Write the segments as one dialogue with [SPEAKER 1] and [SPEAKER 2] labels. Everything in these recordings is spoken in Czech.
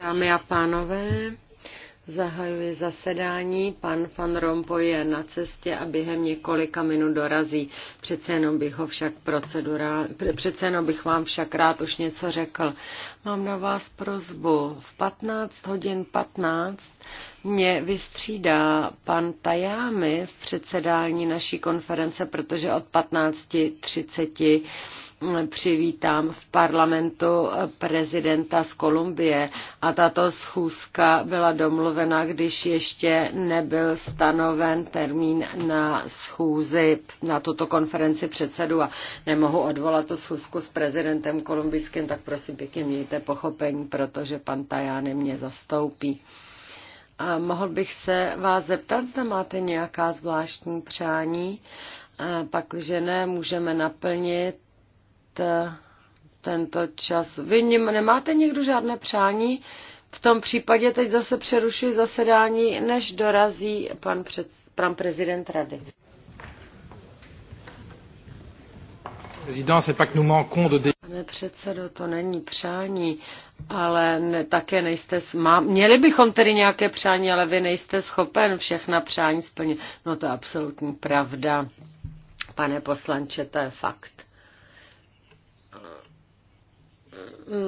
[SPEAKER 1] Dámy a pánové, zahajuje zasedání. Pan Van Rompuy je na cestě a během několika minut dorazí. Přece jenom bych ho však procedura, přece jenom bych vám však rád už něco řekl. Mám na vás prozbu. V 15 hodin 15 mě vystřídá pan Tajámy v předsedání naší konference, protože od 15.30 přivítám v parlamentu prezidenta z Kolumbie a tato schůzka byla domluvena, když ještě nebyl stanoven termín na schůzi na tuto konferenci předsedu a nemohu odvolat tu schůzku s prezidentem kolumbijským, tak prosím pěkně mějte pochopení, protože pan Tajány mě zastoupí. A mohl bych se vás zeptat, zda máte nějaká zvláštní přání? Pak, že ne, můžeme naplnit Eh, tento čas. Vy nemáte někdo žádné přání? V tom případě teď zase přerušuji zasedání, než dorazí pan, před, pan prezident rady. Pane předsedo, to není přání, ale ne, také nejste, má, měli bychom tedy nějaké přání, ale vy nejste schopen všechna přání splnit. No to je absolutní pravda, pane poslanče, to je fakt.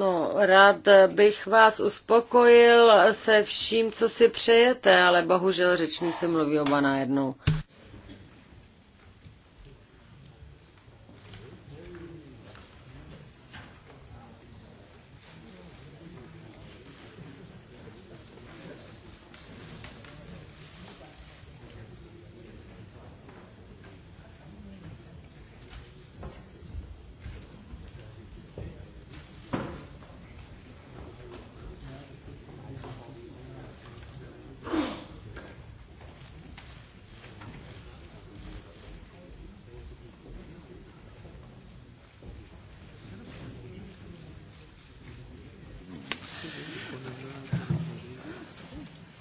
[SPEAKER 1] No, rád bych vás uspokojil se vším, co si přejete, ale bohužel řečníci mluví oba najednou.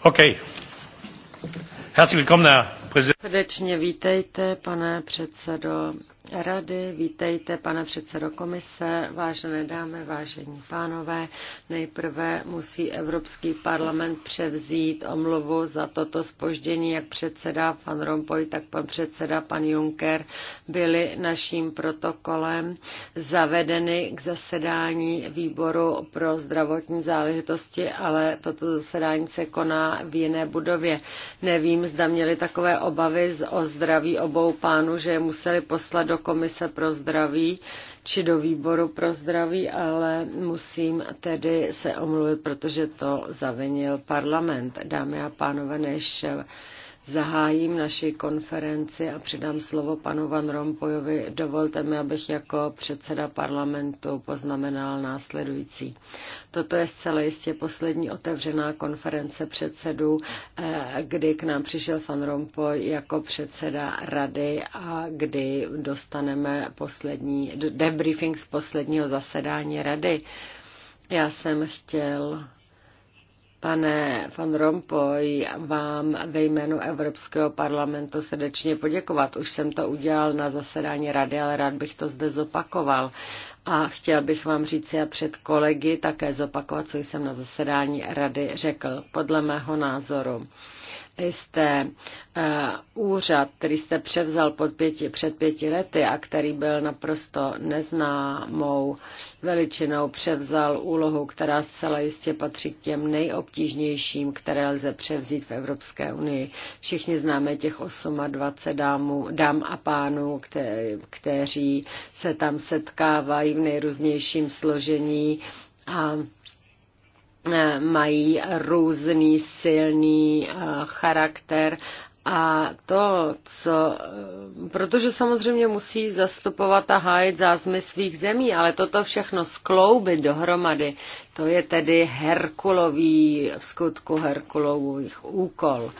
[SPEAKER 2] Okay. Herzlich willkommen, Herr Präsident.
[SPEAKER 1] Srdečně vítejte, pane předsedo rady, vítejte pane předsedo komise, vážené dámy, vážení pánové. Nejprve musí Evropský parlament převzít omluvu za toto spoždění, jak předseda pan Rompuy, tak pan předseda pan Juncker byli naším protokolem zavedeny k zasedání výboru pro zdravotní záležitosti, ale toto zasedání se koná v jiné budově. Nevím, zda měli takové obavy o zdraví obou pánů, že je museli poslat do komise pro zdraví či do výboru pro zdraví, ale musím tedy se omluvit, protože to zavinil parlament. Dámy a pánové, než zahájím naši konferenci a předám slovo panu Van Rompojovi. Dovolte mi, abych jako předseda parlamentu poznamenal následující. Toto je zcela jistě poslední otevřená konference předsedů, eh, kdy k nám přišel Van Rompuy jako předseda rady a kdy dostaneme poslední debriefing z posledního zasedání rady. Já jsem chtěl Pane van Rompuy, vám ve jménu Evropského parlamentu srdečně poděkovat. Už jsem to udělal na zasedání rady, ale rád bych to zde zopakoval. A chtěl bych vám říct, a před kolegy také zopakovat, co jsem na zasedání rady řekl. Podle mého názoru jste uh, úřad, který jste převzal pod pěti, před pěti lety a který byl naprosto neznámou veličinou, převzal úlohu, která zcela jistě patří k těm nejobtížnějším, které lze převzít v Evropské unii. Všichni známe těch 28 dámů, dám a pánů, kte, kteří se tam setkávají v nejrůznějším složení a e, mají různý silný e, charakter a to, co, e, protože samozřejmě musí zastupovat a hájit zázmy svých zemí, ale toto všechno skloubit dohromady, to je tedy Herkulový, v skutku Herkulových úkol.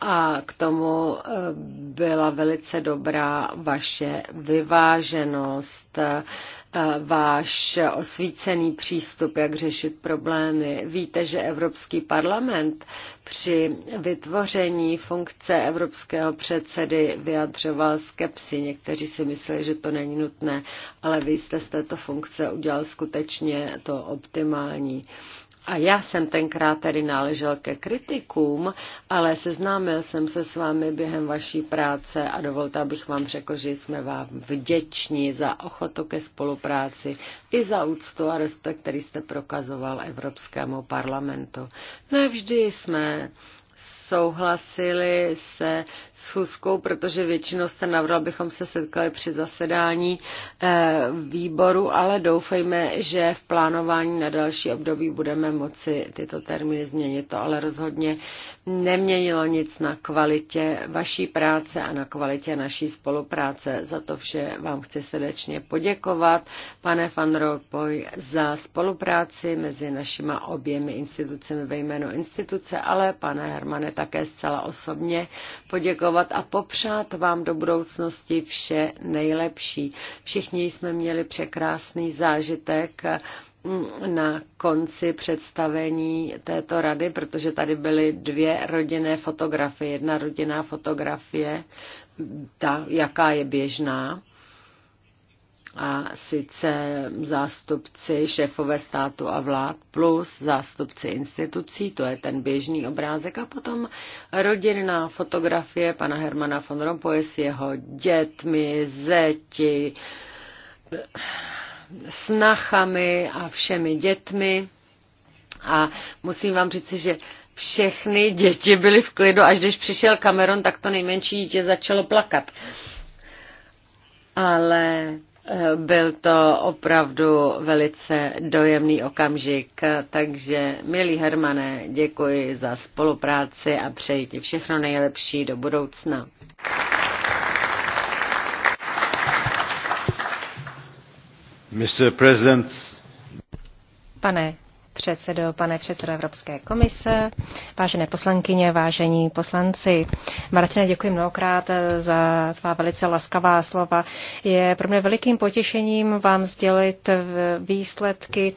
[SPEAKER 1] A k tomu byla velice dobrá vaše vyváženost váš osvícený přístup, jak řešit problémy. Víte, že Evropský parlament při vytvoření funkce evropského předsedy vyjadřoval skepsi. Někteří si mysleli, že to není nutné, ale vy jste z této funkce udělal skutečně to optimální. A já jsem tenkrát tedy náležel ke kritikům, ale seznámil jsem se s vámi během vaší práce a dovolte, abych vám řekl, že jsme vám vděční za ochotu ke spolupráci i za úctu a respekt, který jste prokazoval Evropskému parlamentu. Nevždy jsme souhlasili se schůzkou, protože většinou jste navrhl, abychom se setkali při zasedání eh, výboru, ale doufejme, že v plánování na další období budeme moci tyto termíny změnit. To ale rozhodně neměnilo nic na kvalitě vaší práce a na kvalitě naší spolupráce. Za to vše vám chci srdečně poděkovat, pane Van Rompuy, za spolupráci mezi našima oběmi institucemi ve jménu instituce, ale pane Hermane, také zcela osobně poděkovat a popřát vám do budoucnosti vše nejlepší. Všichni jsme měli překrásný zážitek mm, na konci představení této rady, protože tady byly dvě rodinné fotografie. Jedna rodinná fotografie, ta, jaká je běžná, a sice zástupci šéfové státu a vlád plus zástupci institucí, to je ten běžný obrázek, a potom rodinná fotografie pana Hermana von Rompuy s jeho dětmi, zeti, snachami a všemi dětmi. A musím vám říct, že všechny děti byly v klidu, až když přišel Cameron, tak to nejmenší dítě začalo plakat. Ale byl to opravdu velice dojemný okamžik, takže milý Hermane, děkuji za spolupráci a přeji ti všechno nejlepší do budoucna. Mr. President.
[SPEAKER 3] Pane předsedo, pane předsedo Evropské komise, vážené poslankyně, vážení poslanci. Martine, děkuji mnohokrát za tvá velice laskavá slova. Je pro mě velikým potěšením vám sdělit výsledky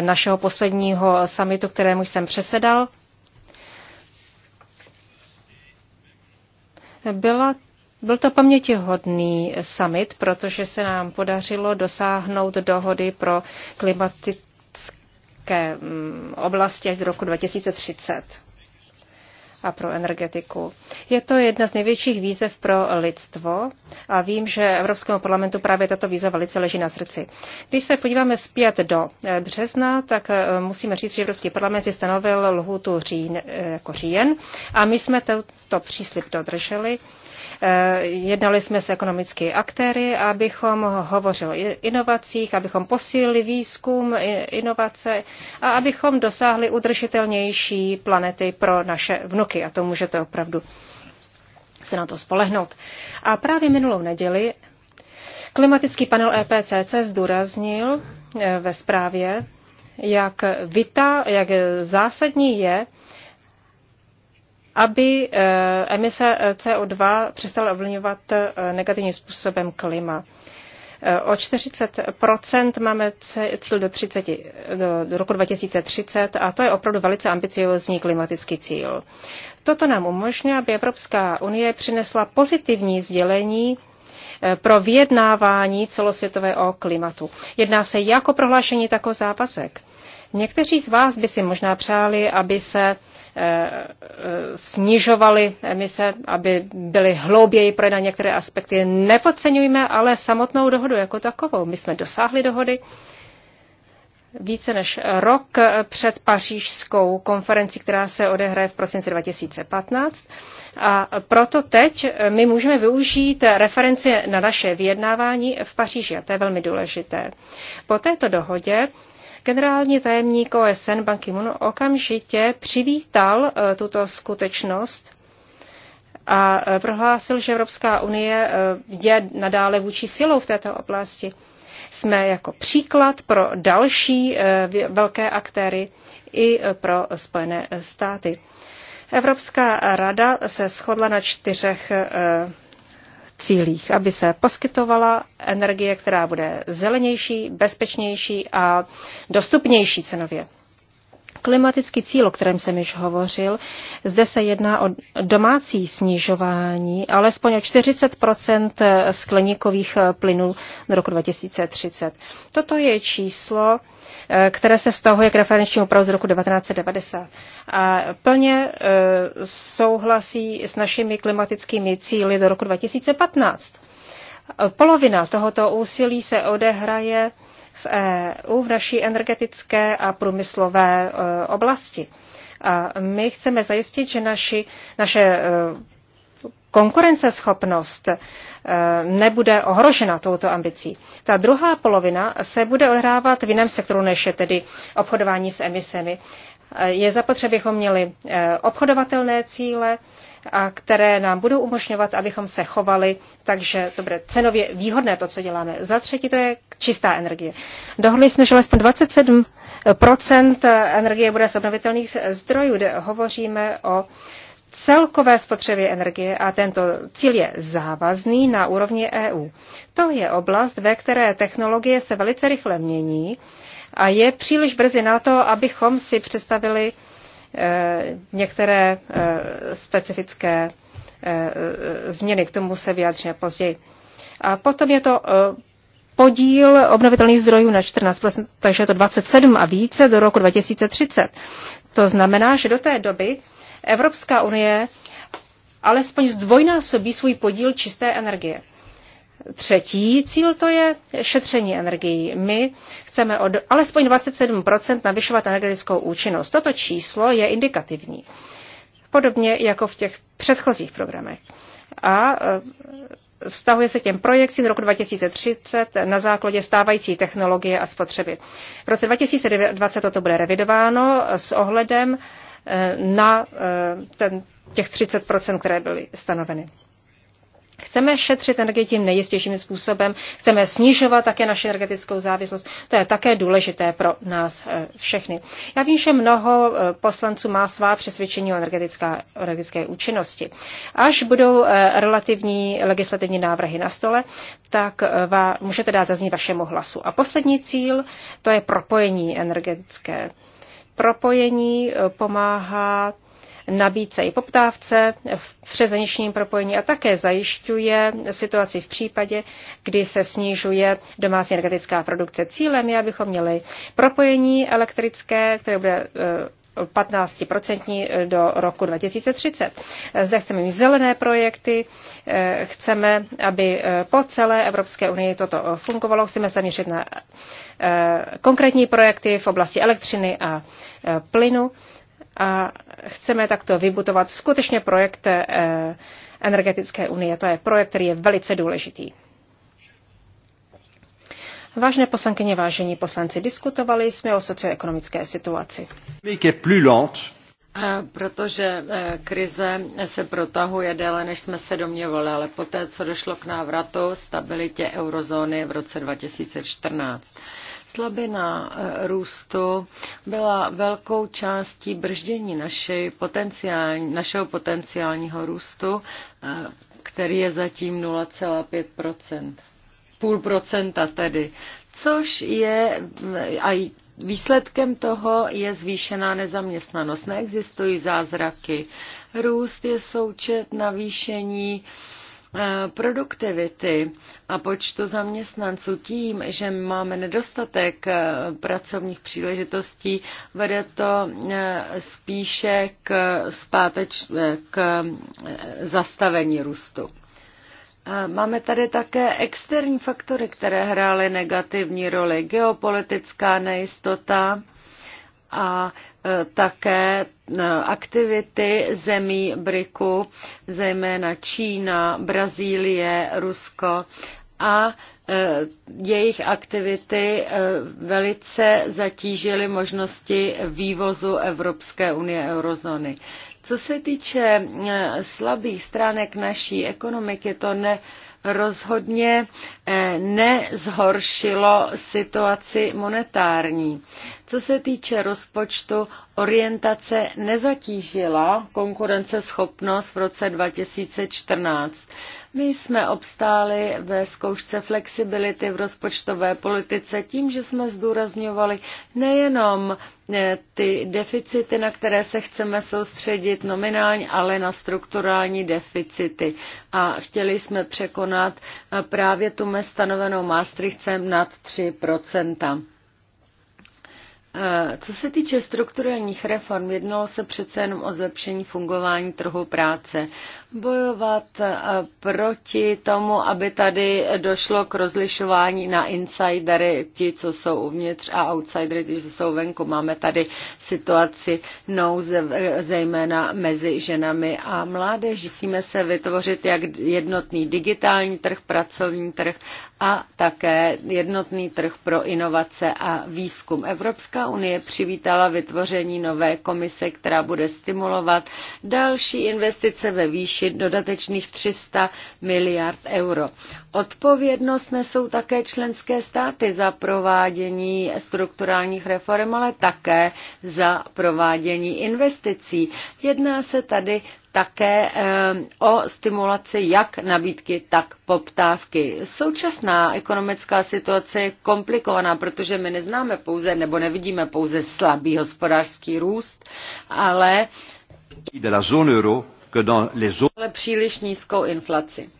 [SPEAKER 3] našeho posledního samitu, kterému jsem přesedal. Byla byl to pamětihodný summit, protože se nám podařilo dosáhnout dohody pro klimatické energetické mm, oblasti až do roku 2030 a pro energetiku. Je to jedna z největších výzev pro lidstvo a vím, že Evropskému parlamentu právě tato výzva velice leží na srdci. Když se podíváme zpět do eh, března, tak eh, musíme říct, že Evropský parlament si stanovil lhůtu říjen, eh, jako říjen a my jsme tento příslip dodrželi. Eh, jednali jsme s ekonomickými aktéry, abychom hovořili o inovacích, abychom posílili výzkum, inovace a abychom dosáhli udržitelnější planety pro naše vnuky. A to můžete opravdu se na to spolehnout. A právě minulou neděli klimatický panel EPCC zdůraznil eh, ve zprávě, jak, vita, jak zásadní je aby eh, emise eh, CO2 přestala ovlivňovat eh, negativním způsobem klima. O 40 máme cíl do, 30, do roku 2030 a to je opravdu velice ambiciozní klimatický cíl. Toto nám umožňuje, aby Evropská unie přinesla pozitivní sdělení pro vyjednávání celosvětové o klimatu. Jedná se jako prohlášení, tak o závazek. Někteří z vás by si možná přáli, aby se snižovaly emise, aby byly hlouběji projednány některé aspekty. Nepodceňujme ale samotnou dohodu jako takovou. My jsme dosáhli dohody více než rok před pařížskou konferenci, která se odehraje v prosinci 2015. A proto teď my můžeme využít referenci na naše vyjednávání v Paříži a to je velmi důležité. Po této dohodě Generální tajemník OSN Ban Ki-moon okamžitě přivítal e, tuto skutečnost a e, prohlásil, že Evropská unie e, je nadále vůči silou v této oblasti. Jsme jako příklad pro další velké aktéry i pro Spojené státy. Evropská rada se shodla na čtyřech cílích, aby se poskytovala energie, která bude zelenější, bezpečnější a dostupnější cenově klimatický cíl, o kterém jsem již hovořil, zde se jedná o domácí snižování, alespoň o 40 skleníkových plynů do roku 2030. Toto je číslo, eh, které se vztahuje k referenčnímu právu z roku 1990. A plně eh, souhlasí s našimi klimatickými cíly do roku 2015. Polovina tohoto úsilí se odehraje v EU v naší energetické a průmyslové e, oblasti. A my chceme zajistit, že naši, naše e, konkurenceschopnost e, nebude ohrožena touto ambicí. Ta druhá polovina se bude odhrávat v jiném sektoru, než je tedy obchodování s emisemi. Je zapotřebí, abychom měli obchodovatelné cíle, a které nám budou umožňovat, abychom se chovali, takže to bude cenově výhodné to, co děláme. Za třetí to je čistá energie. Dohodli jsme, že alespoň 27 energie bude z obnovitelných zdrojů, kde hovoříme o celkové spotřebě energie a tento cíl je závazný na úrovni EU. To je oblast, ve které technologie se velice rychle mění a je příliš brzy na to, abychom si představili Eh, některé eh, specifické eh, změny. K tomu se vyjádříme později. A potom je to podíl obnovitelných zdrojů na 14%, takže je to 27 a více do roku 2030. To znamená, že do té doby Evropská unie alespoň zdvojnásobí svůj podíl čisté energie. Třetí cíl to je šetření energií. My chceme od alespoň 27 navyšovat energetickou účinnost. Toto číslo je indikativní, podobně jako v těch předchozích programech. A e, vztahuje se těm projekcím roku 2030 na základě stávající technologie a spotřeby. V roce 2020 toto bude revidováno s ohledem e, na e, ten, těch 30 které byly stanoveny. Chceme šetřit energii tím nejistějším způsobem, chceme snižovat také naši energetickou závislost. To je také důležité pro nás eh, všechny. Já vím, že mnoho eh, poslanců má svá přesvědčení o energetické účinnosti. Až budou eh, relativní legislativní návrhy na stole, tak vá, můžete dát zaznít vašemu hlasu. A poslední cíl, to je propojení energetické. Propojení pomáhá nabídce i poptávce v přezeničním propojení a také zajišťuje situaci v případě, kdy se snižuje domácí energetická produkce. Cílem je, abychom měli propojení elektrické, které bude 15% eh, eh, do roku 2030. Zde chceme mít zelené projekty, eh, chceme, aby po celé Evropské unii toto fungovalo, chceme zaměřit na konkrétní projekty v oblasti elektřiny a plynu a chceme takto vybudovat skutečně projekt eh, energetické unie. To je projekt, který je velice důležitý. Vážné poslankyně, vážení poslanci, diskutovali jsme o socioekonomické situaci.
[SPEAKER 1] Protože eh, krize se protahuje déle, než jsme se domněvali, ale poté, co došlo k návratu stabilitě eurozóny v roce 2014 slabina eh, růstu byla velkou částí brždění potenciální, našeho potenciálního růstu, eh, který je zatím 0,5 půl procenta tedy, což je eh, a výsledkem toho je zvýšená nezaměstnanost. Neexistují zázraky. Růst je součet navýšení uh, Eh, produktivity a počtu zaměstnanců tím, že máme nedostatek eh, pracovních příležitostí, vede to eh, spíše k, zpáteč, k zastavení růstu. Máme tady také externí faktory, které hrály negativní roli. Geopolitická nejistota, a e, také e, aktivity zemí BRICu, zejména Čína, Brazílie, Rusko a e, jejich aktivity velice zatížily možnosti vývozu Evropské unie eurozóny. Co se týče slabých stránek naší ekonomiky, to ne, rozhodně nezhoršilo situaci monetární. Co se týče rozpočtu, orientace nezatížila konkurenceschopnost v roce 2014. My jsme obstáli ve zkoušce flexibility v rozpočtové politice tím, že jsme zdůrazňovali nejenom eh, ty deficity, na které se chceme soustředit nominálně, ale na strukturální deficity. A chtěli jsme překonat eh, právě tu mez stanovenou Maastrichtcem nad 3 Eh, co se týče strukturálních reform, jednalo se přece jenom o zlepšení fungování trhu práce bojovat eh, proti tomu, aby tady došlo k rozlišování na insidery, ti, co jsou uvnitř a outsidery, ti, co jsou venku. Máme tady situaci nouze, eh, zejména mezi ženami a mládeží. Musíme se vytvořit jak jednotný digitální trh, pracovní trh a také jednotný trh pro inovace a výzkum. Evropská unie přivítala vytvoření nové komise, která bude stimulovat další investice ve výši zaručit dodatečných 300 miliard euro. Odpovědnost nesou také členské státy za provádění strukturálních reform, ale také za provádění investicí. Jedná se tady také eh, o stimulaci jak nabídky, tak poptávky. Současná ekonomická situace je komplikovaná, protože my neznáme pouze nebo nevidíme pouze slabý hospodářský růst, ale
[SPEAKER 3] de la zone euro
[SPEAKER 1] ale příliš nízkou inflaci.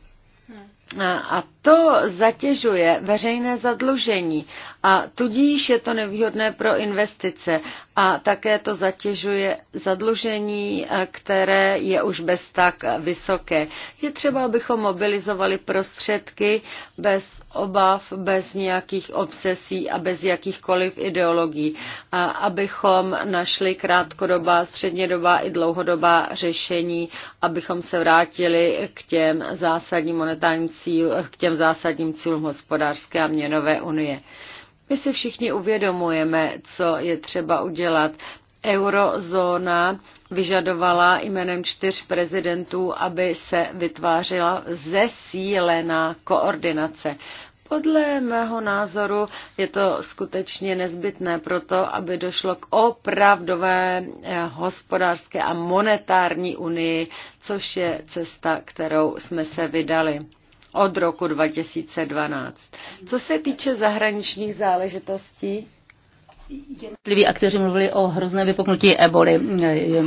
[SPEAKER 1] A to zatěžuje veřejné zadlužení a tudíž je to nevýhodné pro investice a také to zatěžuje zadlužení, e, které je už bez tak vysoké. Je třeba, abychom mobilizovali prostředky bez obav, bez nějakých obsesí a bez jakýchkoliv ideologií, a abychom našli krátkodobá, střednědobá i dlouhodobá řešení, abychom se vrátili k těm zásadním monetárním cíl, k těm zásadním cílům hospodářské a měnové unie. My si všichni uvědomujeme, co je třeba udělat. Eurozóna vyžadovala jménem čtyř prezidentů, aby se vytvářela zesílená koordinace. Podle mého názoru je to skutečně nezbytné proto, aby došlo k opravdové eh, hospodářské a monetární unii, což je cesta, kterou jsme se vydali od roku 2012. Co se týče zahraničních záležitostí,
[SPEAKER 2] Jednotliví aktéři mluvili o hrozné vypuknutí eboli.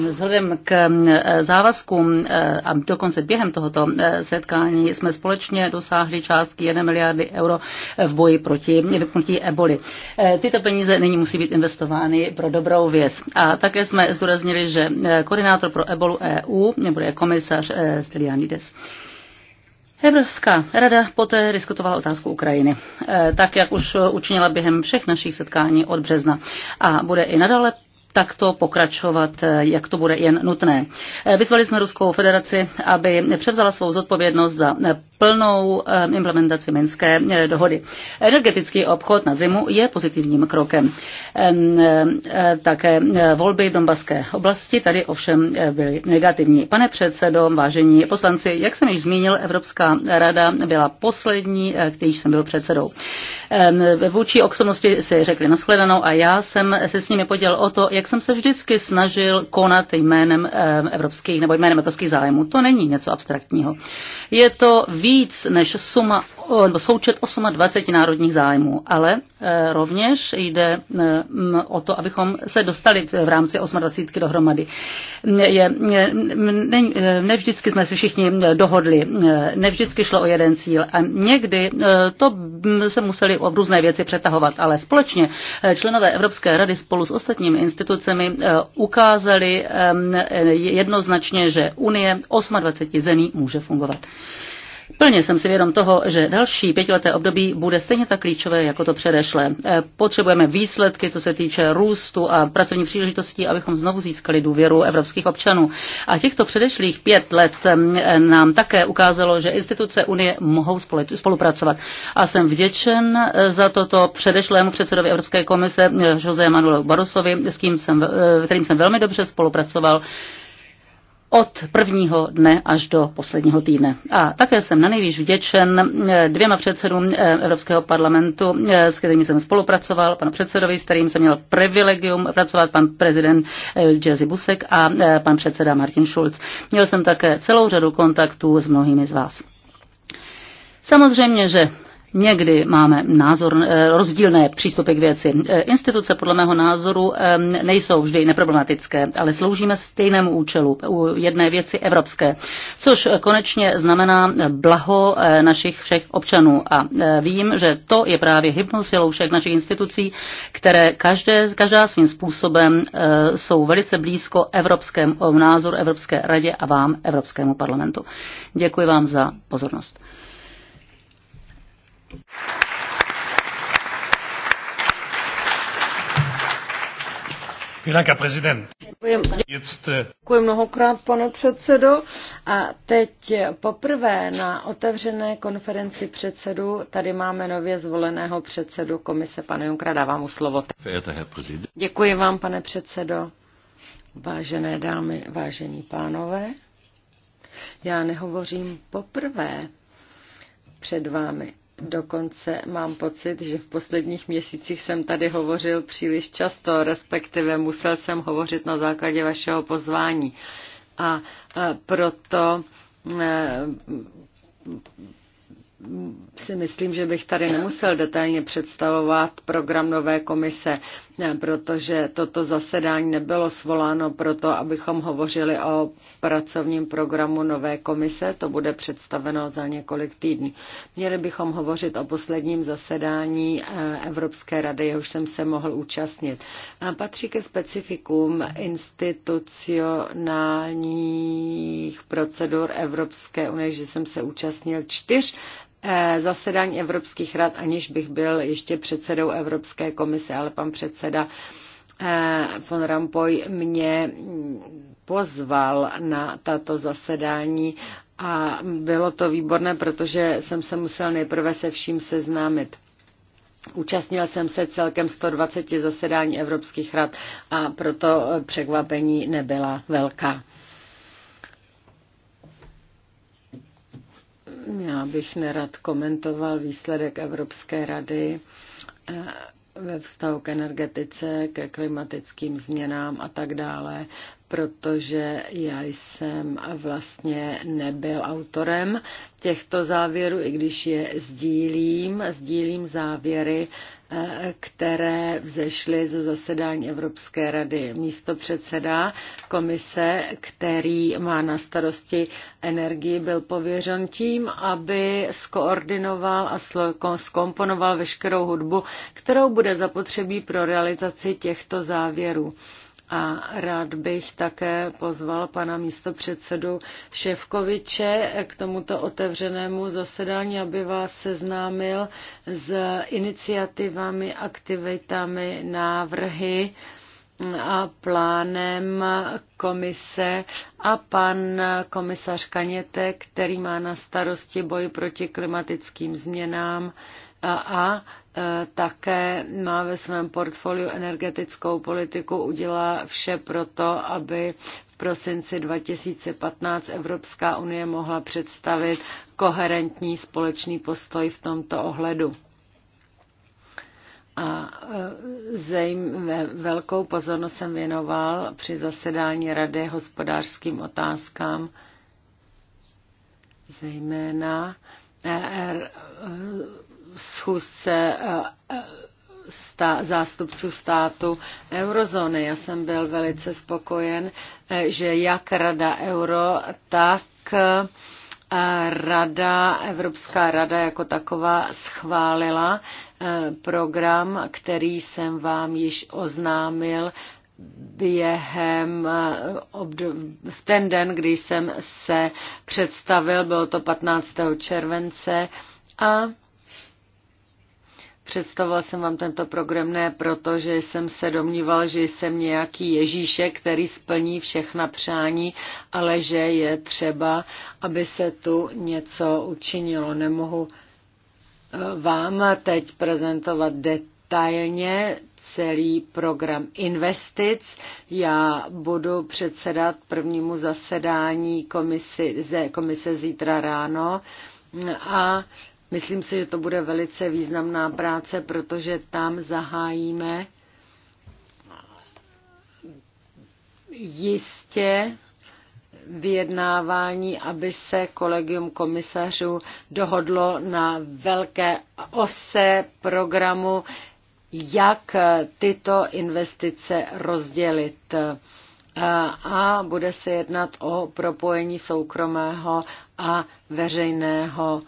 [SPEAKER 2] Vzhledem k eh, závazkům eh, a dokonce během tohoto eh, setkání jsme společně dosáhli částky 1 miliardy euro v boji proti vypuknutí eboli. Tyto peníze nyní musí být investovány pro dobrou věc. A také jsme zdůraznili, že koordinátor pro ebolu EU nebude komisař Stylianides. Evropská rada poté diskutovala otázku Ukrajiny, eh, tak jak už učinila během všech našich setkání od března a bude i nadále takto pokračovat, eh, jak to bude jen nutné. Eh, vyzvali jsme Ruskou federaci, aby převzala svou zodpovědnost za plnou eh, implementaci Minské eh, dohody. Energetický obchod na zimu je pozitivním krokem. Eh, také volby v Donbaské oblasti tady ovšem byly negativní. Pane předsedo, vážení poslanci, jak jsem již zmínil, Evropská rada byla poslední, který jsem byl předsedou. Vůči oksomnosti si řekli nashledanou a já jsem se s nimi podělil o to, jak jsem se vždycky snažil konat jménem evropských nebo jménem evropských zájmů. To není něco abstraktního. Je to vý víc než suma, nebo součet 28 národních zájmů, ale e, rovněž jde e, o to, abychom se dostali v rámci 28 dohromady. Je, ne, ne vždycky jsme se všichni dohodli, e, ne vždycky šlo o jeden cíl a někdy to se museli o různé věci přetahovat, ale společně členové Evropské rady spolu s ostatními institucemi ukázali jednoznačně, že Unie 28 zemí může fungovat. Plně jsem si vědom toho, že další pětileté období bude stejně tak klíčové jako to předešlé. E, potřebujeme výsledky, co se týče růstu a pracovní příležitostí, abychom znovu získali důvěru evropských občanů. A těchto předešlých pět let e, nám také ukázalo, že instituce Unie mohou spolupracovat. A jsem vděčen e, za toto předešlému předsedovi Evropské komise Jose Manuelu Barosovi, s kým jsem, kterým jsem velmi dobře spolupracoval od prvního dne až do posledního týdne. A také jsem na nejvíc vděčen eh, dvěma předsedům eh, Evropského parlamentu, eh, s kterými jsem spolupracoval, panu předsedovi, s kterým jsem měl privilegium pracovat, pan prezident Jerzy Busek a pan předseda Martin Schulz. Měl jsem také celou řadu kontaktů s mnohými z vás. Samozřejmě, že Někdy máme názor, eh, rozdílné přístupy k věci. Eh, instituce podle mého názoru eh, nejsou vždy neproblematické, ale sloužíme stejnému účelu, u jedné věci evropské, což konečně znamená blaho našich všech občanů. A vím, že to je právě hybnou silou všech našich institucí, které každé, každá svým způsobem jsou velice blízko evropskému názoru Evropské radě a vám, Evropskému parlamentu. Děkuji vám za pozornost.
[SPEAKER 1] Äh, Děkuji mnohokrát, pane předsedo. A teď poprvé na otevřené konferenci předsedů tady máme nově zvoleného předsedu komise. Pane Junkra, dávám mu slovo. Děkuji vám, pane předsedo. Vážené dámy, vážení pánové, já nehovořím poprvé před vámi. Dokonce mám pocit, že v posledních měsících jsem tady hovořil příliš často, respektive musel jsem hovořit na základě vašeho pozvání. A proto e, si myslím, že bych tady nemusel detailně představovat program nové komise, protože toto zasedání nebylo svoláno proto, abychom hovořili o pracovním programu nové komise. To bude představeno za několik týdnů. Měli bychom hovořit o posledním zasedání eh, Evropské rady, jehož jsem se mohl účastnit. Patří ke specifikům institucionálních procedur Evropské unie, že jsem se účastnil čtyř Eh, zasedání Evropských rad, aniž bych byl ještě předsedou Evropské komise, ale pan předseda eh, von Rampoy mě pozval na tato zasedání a bylo to výborné, protože jsem se musel nejprve se vším seznámit. Účastnil jsem se celkem 120 zasedání Evropských rad a proto překvapení nebyla velká. Já bych nerad komentoval výsledek Evropské rady eh, ve vztahu k energetice, ke klimatickým změnám a tak dále protože já jsem vlastně nebyl autorem těchto závěrů, i když je sdílím, sdílím závěry, eh, které vzešly ze zasedání Evropské rady. Místo předseda komise, který má na starosti energii, byl pověřen tím, aby skoordinoval a skomponoval veškerou hudbu, kterou bude zapotřebí pro realizaci těchto závěrů. A rád bych také pozval pana místopředsedu Ševkoviče k tomuto otevřenému zasedání, aby vás seznámil s iniciativami, aktivitami, návrhy a plánem komise a pan komisař Kaněte, který má na starosti boj proti klimatickým změnám, a e, také má ve svém portfoliu energetickou politiku, udělá vše proto, aby v prosinci 2015 Evropská unie mohla představit koherentní společný postoj v tomto ohledu a e, zejm, velkou pozornost jsem věnoval při zasedání Rady hospodářským otázkám, zejména e, schůzce eh, eh, zástupců státu eurozóny. Já jsem byl velice spokojen, eh, že jak Rada Euro, tak Rada, Evropská rada jako taková schválila program, který jsem vám již oznámil během v ten den, kdy jsem se představil, bylo to 15. července a Představoval jsem vám tento program ne proto, že jsem se domníval, že jsem nějaký Ježíšek, který splní všechna přání, ale že je třeba, aby se tu něco učinilo. Nemohu eh, vám teď prezentovat detailně celý program investic. Já budu předsedat prvnímu zasedání komisi, komise zítra ráno a Myslím si, že to bude velice významná práce, protože tam zahájíme jistě vyjednávání, aby se kolegium komisařů dohodlo na velké ose programu, jak tyto investice rozdělit. A bude se jednat o propojení soukromého a veřejného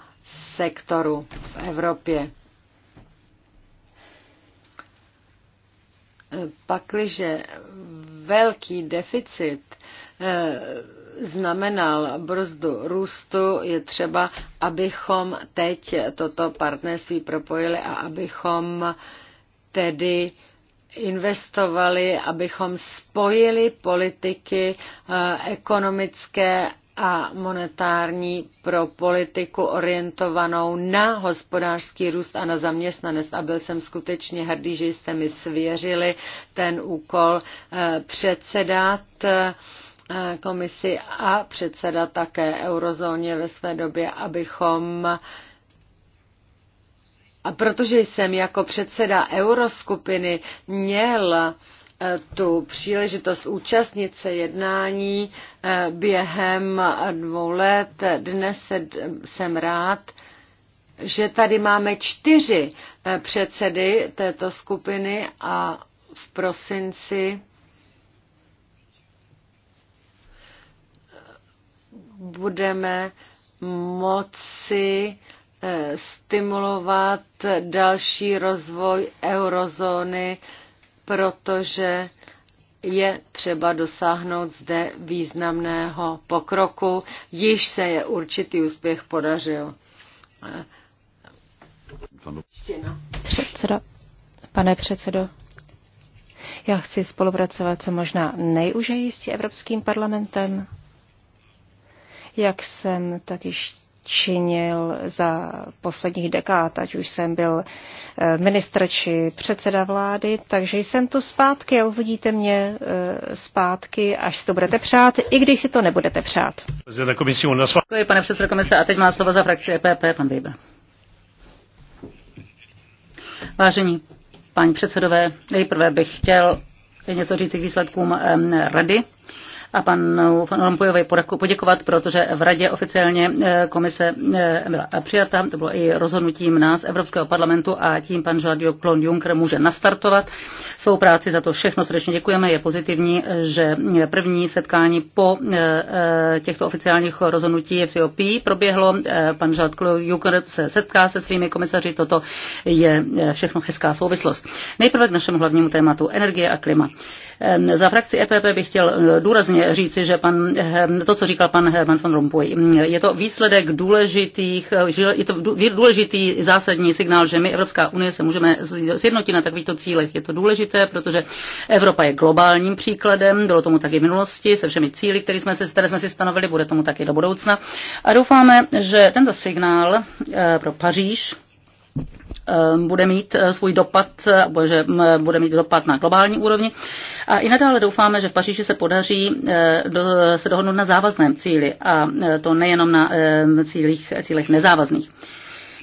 [SPEAKER 1] sektoru v Evropě. Pakliže velký deficit eh, znamenal brzdu růstu, je třeba, abychom teď toto partnerství propojili a abychom tedy investovali, abychom spojili politiky eh, ekonomické a monetární pro politiku orientovanou na hospodářský růst a na zaměstnanost. A byl jsem skutečně hrdý, že jste mi svěřili ten úkol eh, předsedat eh, komisi a předsedat také eurozóně ve své době, abychom a protože jsem jako předseda euroskupiny měl tu příležitost účastnit se jednání eh, během dvou let. Dnes jsem rád, že tady máme čtyři eh, předsedy této skupiny a v prosinci eh, budeme moci stimulovat další rozvoj eurozóny protože je třeba dosáhnout zde významného pokroku, již se je určitý úspěch podařil. Předseda,
[SPEAKER 3] pane předsedo, já chci spolupracovat co možná nejúžejistě s Evropským parlamentem. Jak jsem tak již činil za posledních dekád, ať už jsem byl eh, ministr či předseda vlády, takže jsem tu zpátky a uvidíte mě eh, zpátky,
[SPEAKER 2] až si to budete přát, i když si to nebudete přát.
[SPEAKER 3] Děkuji,
[SPEAKER 2] pane předsedo komise, a teď má slovo za frakci EPP, pan Weber. Vážení páni předsedové, nejprve bych chtěl něco říct k výsledkům rady a panu Van Rompuyovi poděkovat, protože v radě oficiálně eh, komise eh, byla přijata, to bylo i rozhodnutím nás, Evropského parlamentu a tím pan jean Klon Juncker může nastartovat svou práci. Za to všechno srdečně děkujeme. Je pozitivní, že první setkání po eh, těchto oficiálních rozhodnutí FCOP proběhlo. Pan jean Klon Juncker se setká se svými komisaři. Toto je všechno hezká souvislost. Nejprve k našemu hlavnímu tématu energie a klima. Za frakci EPP bych chtěl důrazně říci, že pan, to, co říkal pan Herman von Rompuy, mm, je to výsledek důležitých, eh, je to důležitý zásadní signál, že my, Evropská unie, se můžeme sjednotit na takovýchto cílech. Je to důležité, protože Evropa je globálním příkladem, bylo tomu tak i v minulosti, se všemi cíly, které jsme, si, které jsme si stanovili, bude tomu tak i do budoucna. A doufáme, že tento signál eh, pro Paříž eh, bude mít svůj dopad, mm, bude mít dopad na globální úrovni a i nadále doufáme, že v Paříži se podaří eh, se dohodnout na závazném cíli a eh, to nejenom na eh, cílech nezávazných.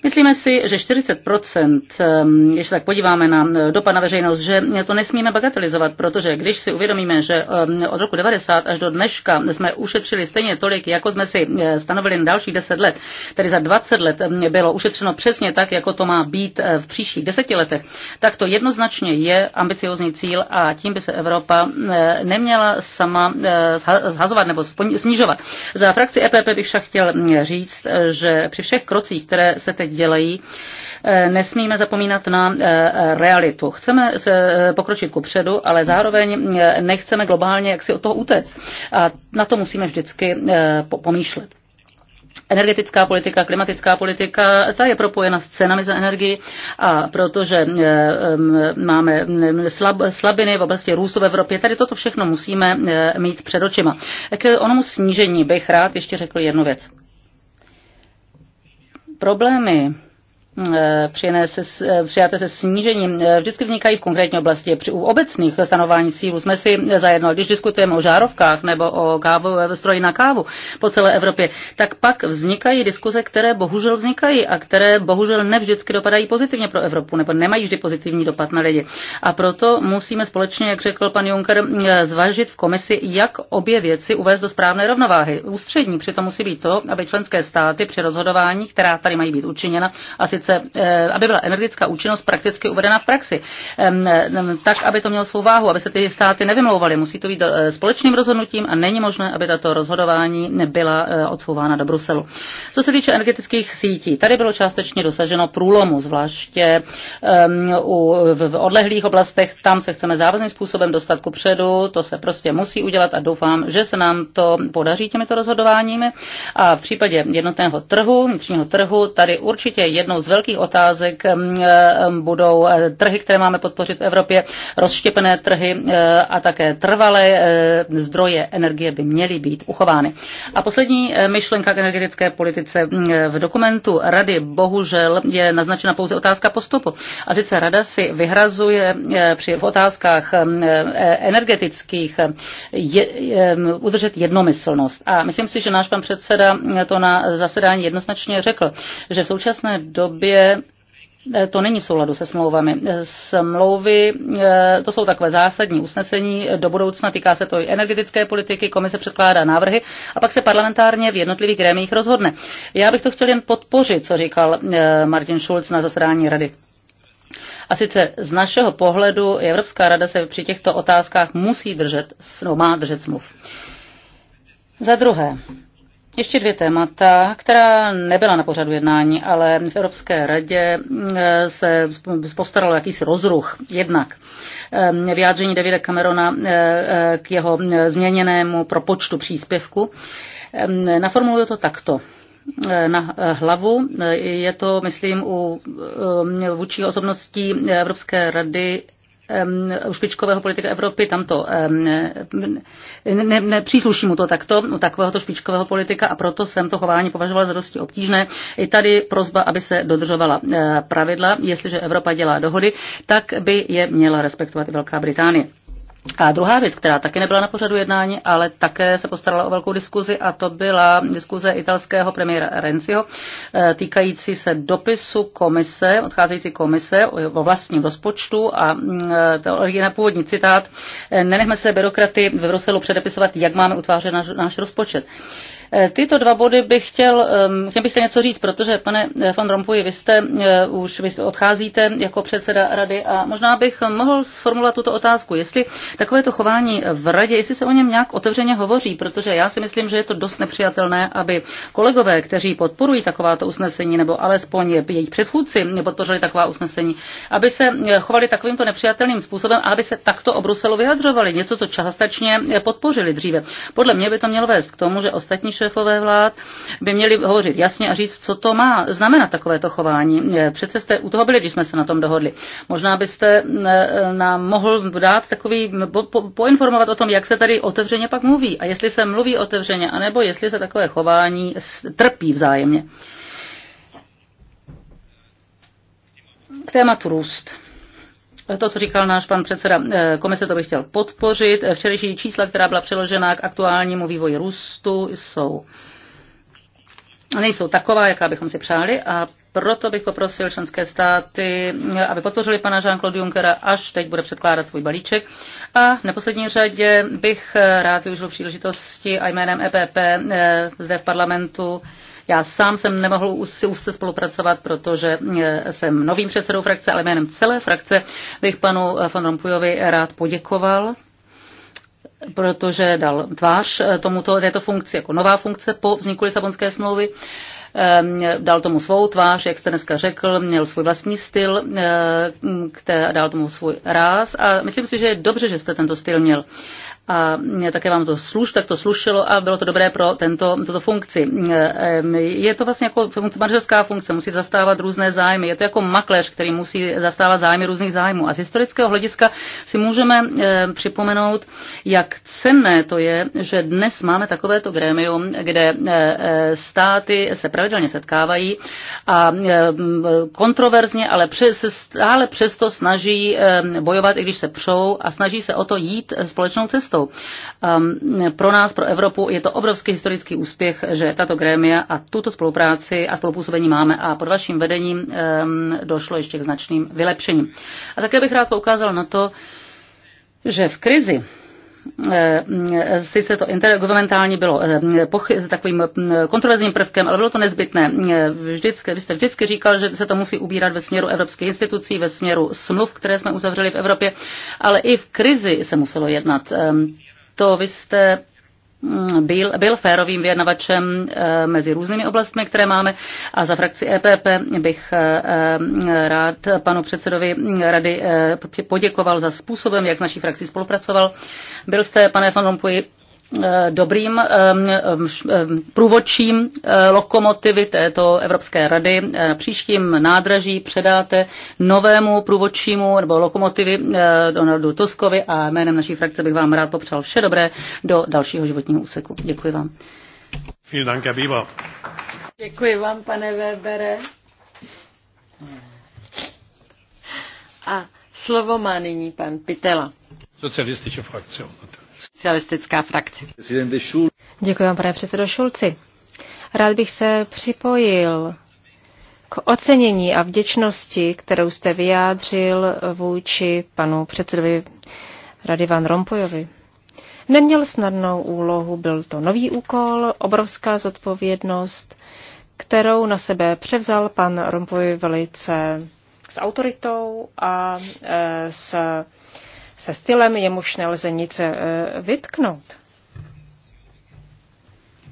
[SPEAKER 2] Myslíme si, že 40%, ehm, když tak podíváme na eh, dopad na veřejnost, že to nesmíme bagatelizovat, protože když si uvědomíme, že ehm, od roku 90 až do dneška jsme ušetřili stejně tolik, jako jsme si eh, stanovili na dalších 10 let, tedy za 20 let ehm, bylo ušetřeno přesně tak, jako to má být eh, v příštích deseti letech, tak to jednoznačně je ambiciozní cíl a tím by se Evropa neměla sama zhazovat nebo snižovat. Za frakci EPP bych však chtěl mm, říct, že při všech krocích, které se teď teď dělají, e, nesmíme zapomínat na e, realitu. Chceme se e, pokročit ku předu, ale zároveň nechceme globálně jaksi od toho utéct. A na to musíme vždycky pomýšlet energetická politika, klimatická politika, ta je propojena s cenami za energii a protože máme slab, slabiny v oblasti růstu v Evropě, tady toto všechno musíme mít před očima. K onomu snížení bych rád ještě řekl jednu věc problémy Eh, eh, přijaté se snížením eh, vždycky vznikají v konkrétní oblasti. Při u obecných stanování cílů jsme si zajedno, když diskutujeme o žárovkách nebo o kávu, stroji na kávu po celé Evropě, tak pak vznikají diskuze, které bohužel vznikají a které bohužel nevždycky dopadají pozitivně pro Evropu nebo nemají vždy pozitivní dopad na lidi. A proto musíme společně, jak řekl pan Juncker, zvažit v komisi, jak obě věci uvést do správné rovnováhy. Ústřední přitom musí být to, aby členské státy při rozhodování, která tady mají být učiněna, a sice se, eh, aby byla energetická účinnost prakticky uvedena v praxi, tak, aby to mělo svou váhu, aby se ty státy nevymlouvaly. Musí to být eh, společným rozhodnutím a není možné, aby tato rozhodování nebyla eh, odsouvána do Bruselu. Co se týče energetických sítí, tady bylo částečně dosaženo průlomu, zvláště v odlehlých oblastech, tam se chceme závazným způsobem dostat ku předu, to se prostě musí udělat a doufám, že se nám to podaří těmito rozhodováními. A v případě jednotného trhu, vnitřního trhu, tady určitě jednou z velkých otázek mm, mm, budou eh, trhy, které máme podpořit v Evropě, rozštěpené trhy eh, a také trvalé eh, zdroje energie by měly být uchovány. A poslední myšlenka k energetické politice mm, v dokumentu Rady bohužel je naznačena pouze otázka postupu. A sice Rada si vyhrazuje při, v otázkách energetických je, je, udržet jednomyslnost. A myslím si, že náš pan předseda to na zasedání jednoznačně řekl, že v současné době době eh, to není v souladu se smlouvami. Eh, smlouvy, eh, to jsou takové zásadní usnesení do budoucna, týká se to i energetické politiky, komise předkládá návrhy a pak se parlamentárně v jednotlivých grémích rozhodne. Já bych to chtěl jen podpořit, co říkal Martin Schulz na zasedání rady. A sice z našeho pohledu Evropská rada se při těchto otázkách musí držet, no má držet smluv. Za druhé, ještě dvě témata, která nebyla na pořadu jednání, ale v Evropské radě eh, se postaralo jakýsi rozruch. Jednak eh, vyjádření Davida Camerona eh, k jeho změněnému propočtu příspěvku. Naformuluje to takto na hlavu. Je to, myslím, u vůči osobností Evropské rady špičkového politika Evropy, tam to nepřísluší ne, ne mu to takto, u takovéhoto špičkového politika a proto jsem to chování považovala za dosti obtížné. I tady prozba, aby se dodržovala eh, pravidla, jestliže Evropa dělá dohody, tak by je měla respektovat i Velká Británie. A druhá věc, která také nebyla na pořadu jednání, ale také se postarala o velkou diskuzi, a to byla diskuze italského premiéra Renziho eh, týkající se dopisu komise, odcházející komise o vlastním rozpočtu a mm, eh, to je původní citát, eh, nenechme se byrokraty v Bruselu předepisovat, jak máme utvářet náš, rozpočet. Eh, tyto dva body bych chtěl, ehm, chtěl bych chtěl něco říct, protože pane eh, van Rompuy, vy jste eh, už vy odcházíte jako předseda rady a možná bych mohl sformulovat tuto otázku, jestli takovéto chování v radě, jestli se o něm nějak otevřeně hovoří, protože já si myslím, že je to dost nepřijatelné, aby kolegové, kteří podporují takováto usnesení, nebo alespoň jejich předchůdci podpořili taková usnesení, aby se chovali takovýmto nepřijatelným způsobem a aby se takto o Bruselu vyjadřovali, něco, co částečně podpořili dříve. Podle mě by to mělo vést k tomu, že ostatní šéfové vlád by měli hovořit jasně a říct, co to má znamenat takovéto chování. Eh, přece jste u toho byli, když jsme se na tom dohodli. Možná byste eh, nám mohl dát takový, po, po, poinformovat o tom, jak se tady otevřeně pak mluví a jestli se mluví otevřeně, anebo jestli se takové chování trpí vzájemně. K tématu růst. To, co říkal náš pan předseda eh, komise, to bych chtěl podpořit. Včerejší čísla, která byla přeložena k aktuálnímu vývoji růstu, jsou nejsou taková, jaká bychom si přáli a proto bych poprosil členské státy, eh, aby podpořili pana Jean-Claude Junckera, až teď bude předkládat svůj balíček. A v neposlední řadě bych eh, rád využil příležitosti a jménem EPP zde v parlamentu já sám jsem nemohl si úzce spolupracovat, protože eh, jsem novým předsedou frakce, ale jménem celé frakce bych panu eh, von Rompuyovi rád poděkoval protože dal tvář eh, tomuto, této funkci jako nová funkce po vzniku Lisabonské smlouvy ehm, dal tomu svou tvář, jak jste dneska řekl, měl svůj vlastní styl, dal tomu svůj ráz a myslím si, že je dobře, že jste tento styl měl a také vám to sluš, tak to slušelo a bylo to dobré pro tento, tuto funkci. Ehm, je to vlastně jako funkce, manželská funkce, musí zastávat různé zájmy. Je to jako makléř, který musí zastávat zájmy různých zájmů. A z historického hlediska si můžeme ehm, připomenout, jak cenné to je, že dnes máme takovéto grémium, kde eh, eh, státy se pravidelně setkávají a ehm, kontroverzně, ale přes, stále přesto snaží bojovat, i když se přou a snaží se o to jít společnou cestou cestou. Ehm, pro nás, pro Evropu, je to obrovský historický úspěch, že tato grémia a tuto spolupráci a spolupůsobení máme a pod vaším vedením ehm, došlo ještě k značným vylepšením. A také bych rád poukázal na to, že v krizi Eh, sice to intergovernmentální bylo eh, takovým mm, kontroverzním prvkem, ale bylo to nezbytné. Eh, vždycky, vy jste vždycky říkal, že se to musí ubírat ve směru evropských institucí, ve směru smluv, které jsme uzavřeli v Evropě, ale i v krizi se muselo jednat. To vy jste Mm, byl, byl férovým vyjednavačem eh, mezi různými oblastmi, které máme a za frakci EPP bych eh, eh, rád panu předsedovi rady poděkoval za způsobem, jak s naší frakcí spolupracoval. Byl jste, pane Van Rompuy, Eh, dobrým průvodčím eh, lokomotivy této Evropské rady. Eh, na příštím nádraží předáte novému průvodčímu nebo lokomotivy Donaldu Tuskovi a jménem naší frakce bych vám rád popřál vše dobré do dalšího životního úseku. Děkuji vám.
[SPEAKER 1] Děkuji vám, pane Webere. A slovo má nyní pan Pitela.
[SPEAKER 2] Socialistische Fraktion.
[SPEAKER 1] Socialistická frakce.
[SPEAKER 3] Děkuji vám, pane předsedo Šulci. Rád bych se připojil k ocenění a vděčnosti, kterou jste vyjádřil vůči panu předsedovi Rady Van Rompuyovi. Neměl snadnou úlohu, byl to nový úkol, obrovská zodpovědnost, kterou na sebe převzal pan Rompuy velice s autoritou a e, s se stylem, jemuž nelze nic e, vytknout.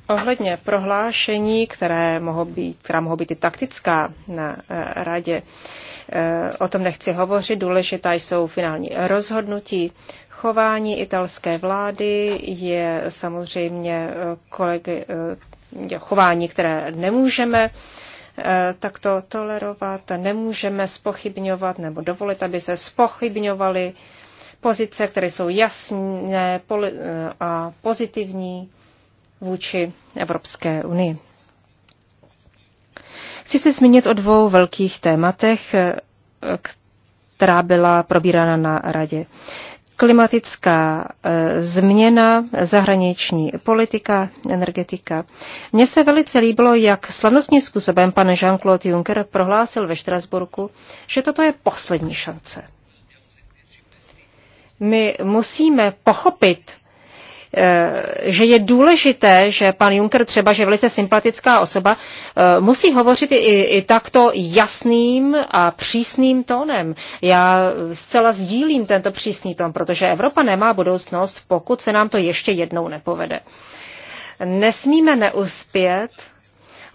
[SPEAKER 3] Ohledně prohlášení, které mohou být, která mohou být i taktická na e, radě, e, o tom nechci hovořit, důležitá jsou finální rozhodnutí. Chování italské vlády je samozřejmě kolegy, chování, které nemůžeme takto tolerovat, nemůžeme spochybňovat nebo dovolit, aby se spochybňovali pozice, které jsou jasné a pozitivní vůči Evropské unii. Chci se zmínit o dvou velkých tématech, která byla probírána na radě. Klimatická e, změna, zahraniční politika, energetika. Mně se velice líbilo, jak slavnostním způsobem pan Jean-Claude Juncker prohlásil ve Štrasburku, že toto je poslední šance my musíme pochopit, eh, že je důležité, že pan Juncker třeba, že velice sympatická osoba, eh, musí hovořit i, i takto jasným a přísným tónem. Já zcela sdílím tento přísný tón, protože Evropa nemá budoucnost, pokud se nám to ještě jednou nepovede. Nesmíme neuspět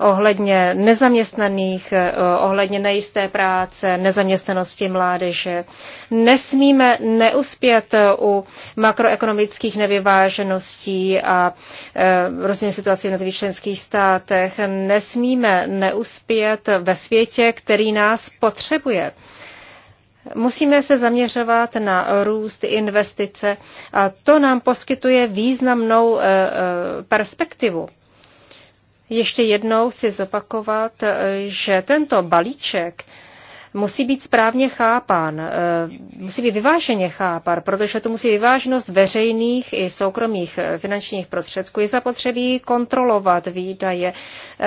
[SPEAKER 3] ohledně nezaměstnaných, eh, ohledně nejisté práce, nezaměstnanosti mládeže. Nesmíme neuspět eh, u makroekonomických nevyvážeností a eh, různě situací v jednotlivých členských státech. Nesmíme neuspět ve světě, který nás potřebuje. Musíme se zaměřovat na růst investice a to nám poskytuje významnou perspektivu. Ještě jednou chci zopakovat, eh, že tento balíček musí být správně chápán, eh, musí být vyváženě chápán, protože to musí vyváženost veřejných i soukromých eh, finančních prostředků. Je zapotřebí kontrolovat výdaje,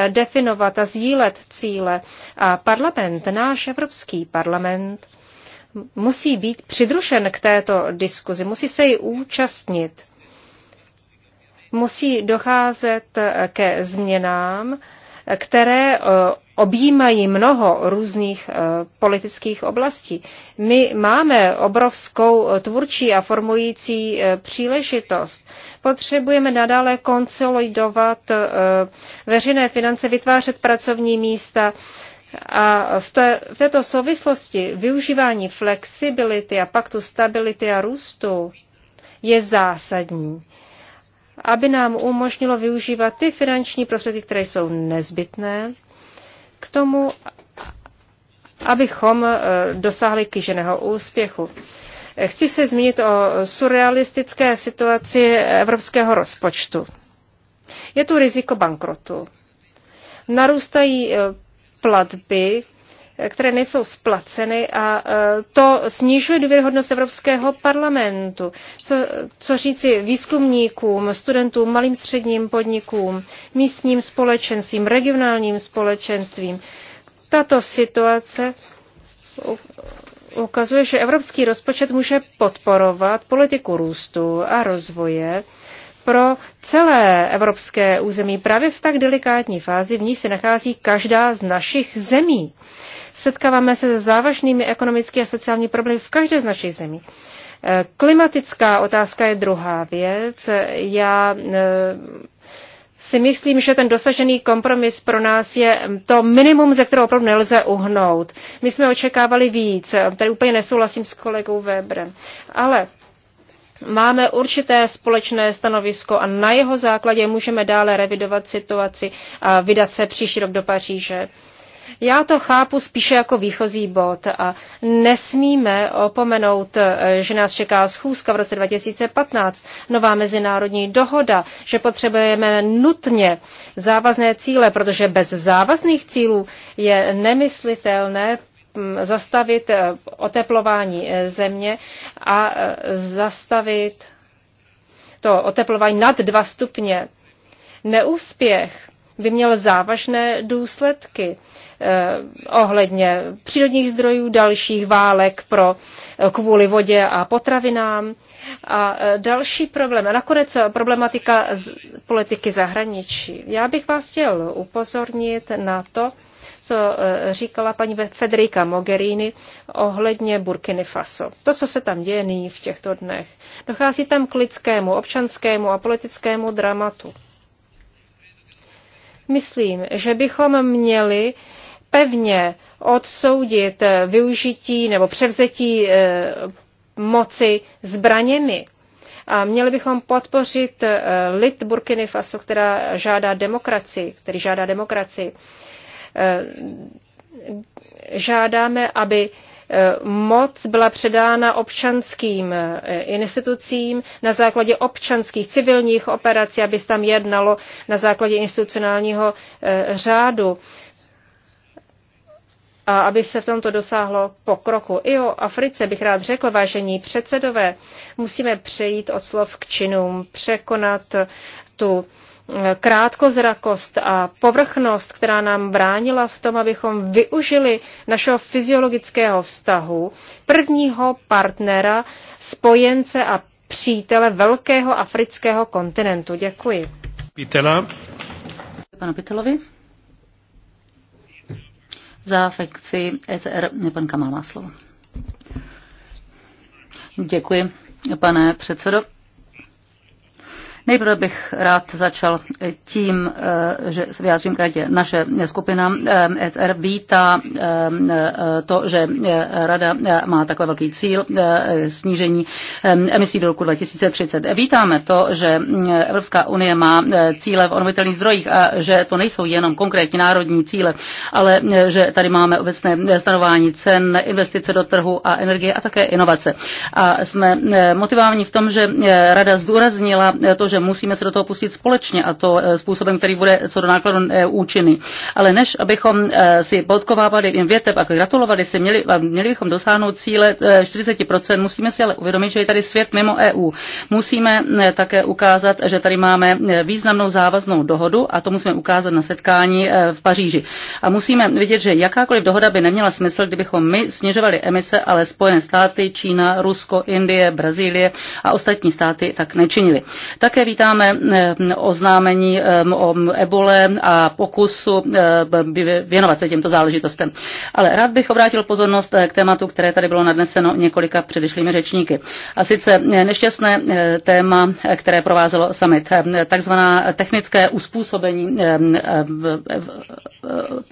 [SPEAKER 3] definovat a sdílet cíle. A parlament, náš Evropský parlament, musí být přidružen k této diskuzi, musí se ji účastnit musí docházet ke změnám, které e, objímají mnoho různých e, politických oblastí. My máme obrovskou tvůrčí a formující e, příležitost. Potřebujeme nadále konsolidovat veřejné finance, vytvářet pracovní místa, a v, té, v této souvislosti využívání flexibility a paktu stability a růstu je zásadní aby nám umožnilo využívat ty finanční prostředky, které jsou nezbytné k tomu, abychom e, dosáhli kýženého úspěchu. Chci se zmínit o surrealistické situaci evropského rozpočtu. Je tu riziko bankrotu. Narůstají e, platby které nejsou splaceny a e, to snižuje důvěryhodnost Evropského parlamentu. Co, co říci výzkumníkům, studentům, malým středním podnikům, místním společenstvím, regionálním společenstvím. Tato situace ukazuje, že evropský rozpočet může podporovat politiku růstu a rozvoje pro celé evropské území právě v tak delikátní fázi, v níž se nachází každá z našich zemí. Setkáváme se s závažnými ekonomickými a sociálními problémy v každé z našich zemí. Eh, klimatická otázka je druhá věc. Já eh, si myslím, že ten dosažený kompromis pro nás je to minimum, ze kterého opravdu nelze uhnout. My jsme očekávali víc, tady úplně nesouhlasím s kolegou Weberem. Ale máme určité společné stanovisko a na jeho základě můžeme dále revidovat situaci a vydat se příští rok do Paříže. Já to chápu spíše jako výchozí bod a nesmíme opomenout, eh, že nás čeká schůzka v roce 2015, nová mezinárodní dohoda, že potřebujeme nutně závazné cíle, protože bez závazných cílů je nemyslitelné zastavit e, oteplování e, země a e, zastavit to oteplování nad 2 stupně. Neúspěch by měl závažné důsledky eh, ohledně přírodních zdrojů, dalších válek pro, kvůli vodě a potravinám a eh, další problém. A nakonec problematika z, politiky zahraničí. Já bych vás chtěl upozornit na to, co e, říkala paní Federica Mogherini ohledně Burkiny Faso. To, co se tam děje nyní v těchto dnech. Dochází tam k lidskému, občanskému a politickému dramatu. Myslím, že bychom měli pevně odsoudit využití nebo převzetí e, moci zbraněmi. A měli bychom podpořit e, lid Burkiny Faso, která žádá demokracii, který žádá demokracii. Eh, žádáme, aby eh, moc byla předána občanským eh, institucím na základě občanských civilních operací, aby se tam jednalo na základě institucionálního řádu a aby se v tomto dosáhlo pokroku. I o Africe bych rád řekl, vážení předsedové, musíme přejít od slov k činům, překonat tu krátkozrakost a povrchnost, která nám bránila v tom, abychom využili našeho fyziologického vztahu, prvního partnera, spojence a přítele velkého afrického kontinentu.
[SPEAKER 2] Děkuji. Pítela. Panu Pitelovi. Za afekci ECR pan Kamal má slovo. Děkuji, pane předsedo. Nejprve bych rád začal tím, eh, že se vyjádřím k radě. Naše skupina eh, SR vítá eh, to, že rada má takový velký cíl snížení emisí do roku 2030. Vítáme to, že Evropská unie má cíle v obnovitelných zdrojích a že to nejsou jenom konkrétní národní cíle, ale že tady máme obecné stanování cen, investice do trhu a energie a také inovace. A jsme motivováni v tom, že rada zdůraznila to, že že musíme se do toho pustit společně a to eh, způsobem, který bude co do nákladu eh, účinný. Ale než abychom eh, si podkovávali jim větev a gratulovali si, měli, měli bychom dosáhnout cíle 40%, musíme si ale uvědomit, že je tady svět mimo EU. Musíme také ukázat, že tady máme významnou závaznou dohodu a to musíme ukázat na setkání v Paříži. A musíme vidět, že jakákoliv dohoda by neměla smysl, kdybychom my snižovali emise, ale Spojené státy, Čína, Rusko, Indie, Brazílie a ostatní státy tak nečinili. Také vítáme eh, oznámení eh, o ebole a pokusu eh, věnovat se těmto záležitostem. Ale rád bych obrátil pozornost k tématu, které tady bylo nadneseno několika předešlými řečníky. A sice nešťastné téma, které provázelo summit, takzvaná technické uspůsobení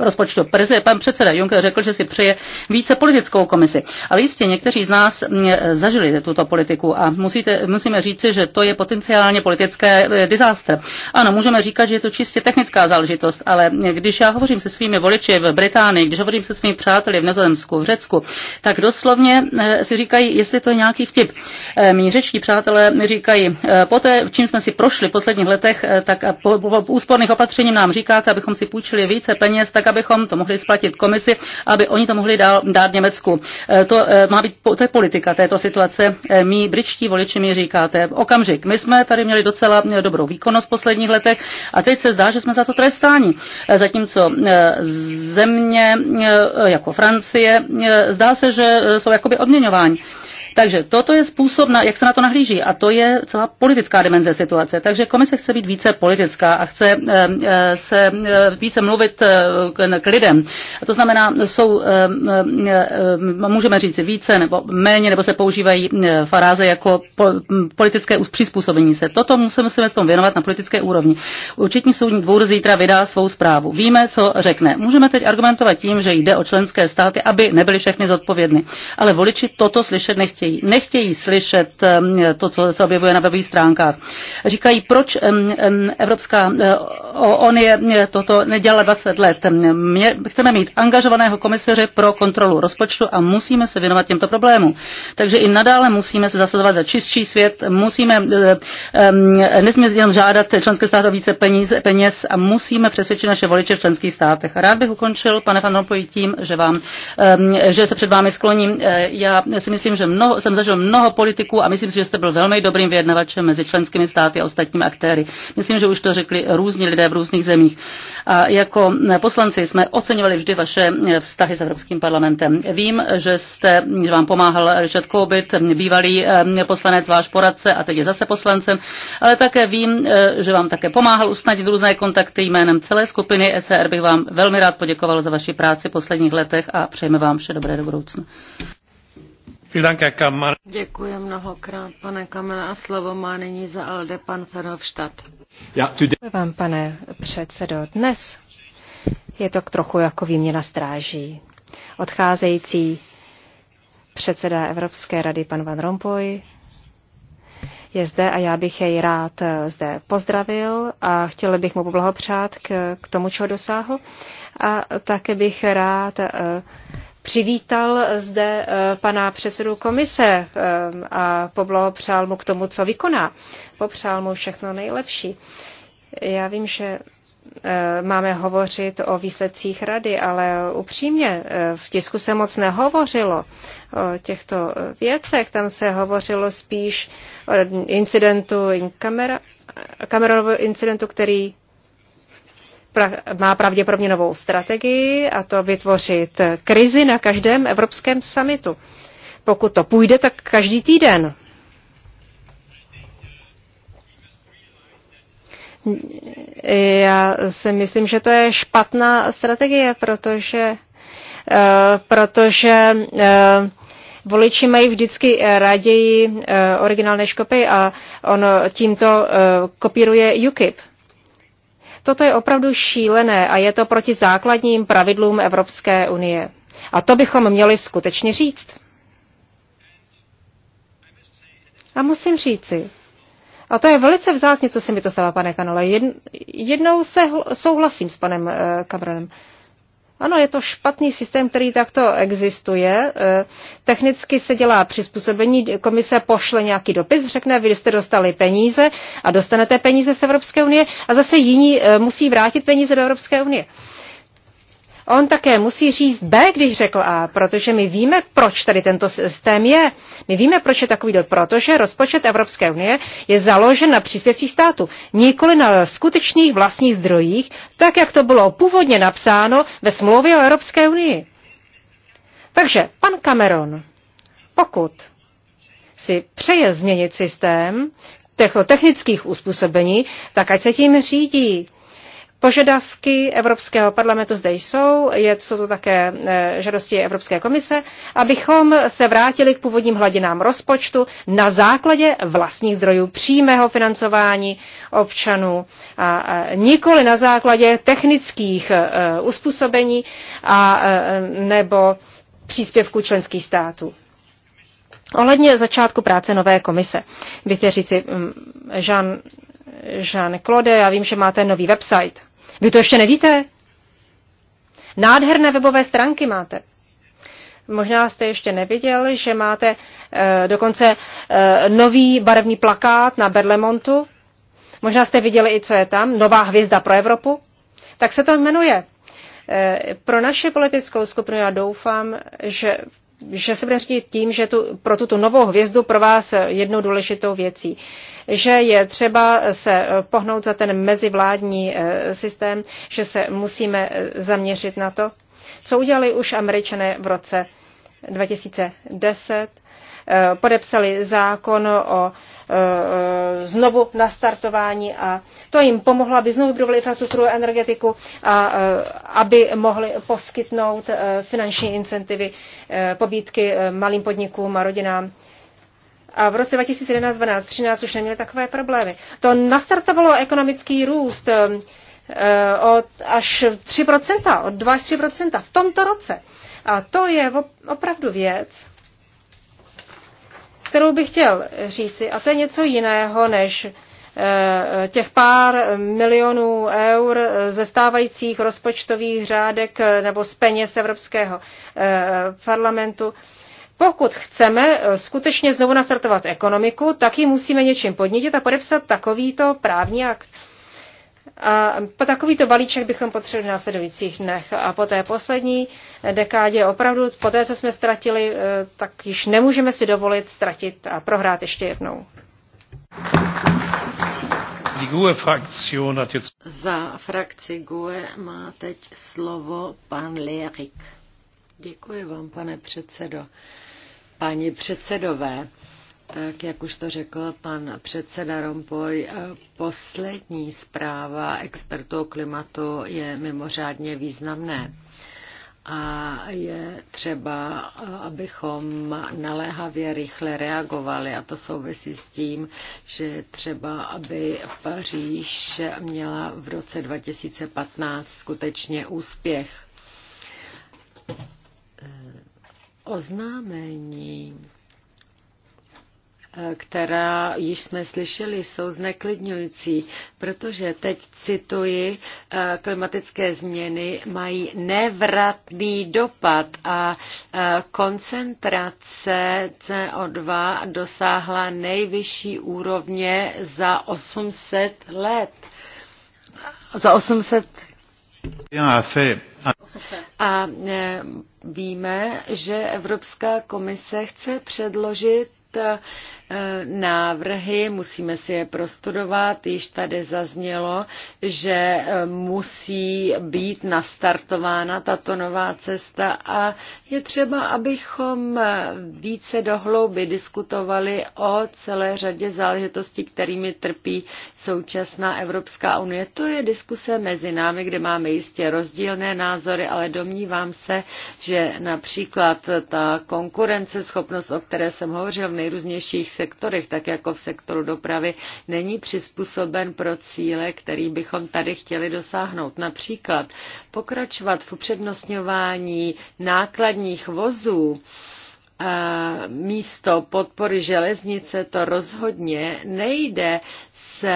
[SPEAKER 2] rozpočtu. Pan předseda Juncker řekl, že si přeje více politickou komisi. Ale jistě někteří z nás mm, zažili tuto politiku a musíte, musíme říci, že to je potenciálně politická letecké eh, disaster. Ano, můžeme říkat, že je to čistě technická záležitost, ale když já hovořím se svými voliči v Británii, když hovořím se svými přáteli v Nizozemsku, v Řecku, tak doslovně eh, si říkají, jestli to je nějaký vtip. Eh, mí řečtí přátelé mi říkají, poté, čím jsme si prošli v posledních letech, tak po, po, po úsporných opatření nám říkáte, abychom si půjčili více peněz, tak abychom to mohli splatit komisi, aby oni to mohli dál, dát Německu. To má být to je politika této situace. Mí britští voliči mi říkáte, okamžik, my jsme tady měli docela eh, dobrou výkonnost v posledních letech a teď se zdá, že jsme za to trestáni. Eh, Zatímco eh, země jako Francie zdá se, že jsou jakoby odměňováni. Takže toto je způsob, na, jak se na to nahlíží a to je celá politická dimenze situace. Takže komise chce být více politická a chce eh, eh, se eh, více mluvit k lidem. A to znamená, jsou, můžeme říct více nebo méně, nebo se používají faráze jako politické přizpůsobení se. Toto musíme se tomu věnovat na politické úrovni. Určitní soudní dvůr zítra vydá svou zprávu. Víme, co řekne. Můžeme teď argumentovat tím, že jde o členské státy, aby nebyly všechny zodpovědny. Ale voliči toto slyšet nechtějí nechtějí, nechtějí slyšet um, to, co se objevuje na webových stránkách. Říkají, proč um, um, Evropská unie uh, toto nedělala 20 let. Mě, chceme mít angažovaného komisaře pro kontrolu rozpočtu a musíme se věnovat těmto problémům. Takže i nadále musíme se zasadovat za čistší svět, musíme uh, nesmíme jenom žádat členské státy více peníz, peněz a musíme přesvědčit naše voliče v členských státech. Rád bych ukončil, pane Van Rompuy, tím, že, vám, že se před vámi skloním. Uh, já si myslím, že mnoho mnoho, jsem zažil mnoho politiků a myslím si, že jste byl velmi dobrým vyjednavačem mezi členskými státy a ostatními aktéry. Myslím, že už to řekli různí lidé v různých zemích. A jako poslanci jsme oceňovali vždy vaše vztahy s Evropským parlamentem. Vím, že jste, že vám pomáhal Richard Kobit, bývalý eh, poslanec, váš poradce a teď je zase poslancem, ale také vím, eh, že vám také pomáhal usnadnit různé kontakty jménem celé skupiny ECR bych vám velmi rád poděkoval za vaši práci v posledních letech a přejeme vám vše dobré do budoucna.
[SPEAKER 1] Děkuji mnohokrát, pane Kamele, a slovo má nyní za Alde pan Ferovštad. Děkuji
[SPEAKER 3] vám, pane předsedo. Dnes je to trochu jako výměna stráží. Odcházející předseda Evropské rady, pan Van Rompuy, je zde a já bych jej rád eh, zde pozdravil a chtěl bych mu poblahopřát k, k tomu, čeho dosáhl. A také bych rád eh, přivítal zde eh, pana předsedu komise eh, a poblahopřál mu k tomu, co vykoná. Popřál mu všechno nejlepší. Já vím, že eh, máme hovořit o výsledcích rady, ale upřímně v tisku se moc nehovořilo o těchto věcech. Tam se hovořilo spíš o incidentu Cameronovo incidentu, který má pravděpodobně novou strategii a to vytvořit krizi na každém evropském summitu. Pokud to půjde, tak každý týden. Já si myslím, že to je špatná strategie, protože, eh, protože eh, voliči mají vždycky raději eh, originální škopy a on tímto kopíruje UKIP. Toto je opravdu šílené a je to proti základním pravidlům Evropské unie. A to bychom měli skutečně říct. A musím říci, a to je velice vzácně, co se mi to stává, pane Kanole. Jednou se souhlasím s panem uh, Uh, ano, je to špatný systém, který takto existuje. E, technicky se dělá přizpůsobení, komise pošle nějaký dopis, řekne, vy jste dostali peníze a dostanete peníze z Evropské unie a zase jiní e, musí vrátit peníze do Evropské unie. On také musí říct B, když řekl A, protože my víme, proč tady tento systém je. My víme, proč je takový dot, protože rozpočet Evropské unie je založen na příspěvcích státu, nikoli na skutečných vlastních zdrojích, tak jak to bylo původně napsáno ve smlouvě o Evropské unii. Takže, pan Cameron, pokud si přeje změnit systém těchto technických uspůsobení, tak ať se tím řídí. Požadavky Evropského parlamentu zde jsou, je, jsou to také e, žádosti Evropské komise, abychom se vrátili k původním hladinám rozpočtu na základě vlastních zdrojů přímého financování občanů, a nikoli na základě technických e, uspůsobení a e, nebo příspěvků členských států. Ohledně začátku práce nové komise, bych chtěl říci, mm, Jean, Jean Claude, já vím, že máte nový website. Vy to ještě nevíte? Nádherné webové stránky máte. Možná jste ještě neviděl, že máte e, dokonce e, nový barevný plakát na Berlemontu. Možná jste viděli i, co je tam. Nová hvězda pro Evropu. Tak se to jmenuje. E, pro naše politickou skupinu já doufám, že že se bude řídit tím, že tu, pro tuto novou hvězdu pro vás jednou důležitou věcí že je třeba se pohnout za ten mezivládní eh, systém, že se musíme eh, zaměřit na to, co udělali už američané v roce 2010. Eh, podepsali zákon o znovu nastartování a to jim pomohlo, aby znovu budovali infrastrukturu energetiku a aby mohli poskytnout finanční incentivy, pobídky malým podnikům a rodinám a v roce 2011, 12, 13 už neměli takové problémy. To nastartovalo ekonomický růst eh, eh, od až 3%, od 2 až 3% v tomto roce. A to je opravdu věc, kterou bych chtěl říci. A to je něco jiného než eh, těch pár milionů eur ze stávajících rozpočtových řádek nebo z peněz Evropského parlamentu. Pokud chceme eh, skutečně znovu nastartovat ekonomiku, tak ji musíme něčím podnětit a podepsat takovýto právní akt. A takovýto balíček bychom potřebovali v následujících dnech. A po té poslední dekádě opravdu, po té, co jsme ztratili, eh, tak již nemůžeme si dovolit ztratit
[SPEAKER 1] a prohrát ještě jednou. E Za frakci GUE má teď slovo pan Lierik. Děkuji vám, pane předsedo. Páni předsedové, tak jak už to řekl pan předseda Rompoy, poslední zpráva expertů o klimatu je mimořádně významné. A je třeba, abychom naléhavě rychle reagovali. A to souvisí s tím, že třeba, aby Paříž měla v roce 2015 skutečně úspěch oznámení, eh, která již jsme slyšeli, jsou zneklidňující, protože teď cituji, eh, klimatické změny mají nevratný dopad a eh, koncentrace CO2 dosáhla nejvyšší úrovně za 800 let. Za 800 a e, víme, že Evropská komise chce předložit návrhy, musíme si je prostudovat. Již tady zaznělo, že e, musí být nastartována tato nová cesta a je třeba, abychom e, více dohlouby diskutovali o celé řadě záležitostí, kterými trpí současná Evropská unie. To je diskuse mezi námi, kde máme jistě rozdílné názory, ale domnívám se, že například ta konkurenceschopnost, o které jsem hovořil v nejrůznějších sektorech, tak jako v sektoru dopravy, není přizpůsoben pro cíle, který bychom tady chtěli dosáhnout. Například pokračovat v upřednostňování nákladních vozů, místo podpory železnice to rozhodně nejde s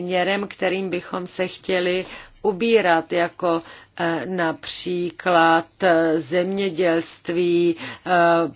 [SPEAKER 1] měrem, kterým bychom se chtěli ubírat jako Eh, například eh, zemědělství, eh,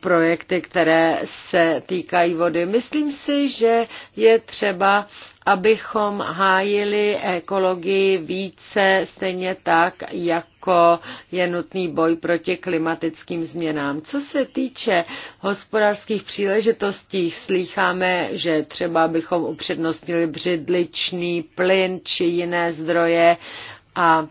[SPEAKER 1] projekty, které se týkají vody. Myslím si, že je třeba, abychom hájili ekologii více stejně tak, jako je nutný boj proti klimatickým změnám. Co se týče hospodářských příležitostí, slýcháme, že třeba bychom upřednostnili břidličný plyn či jiné zdroje a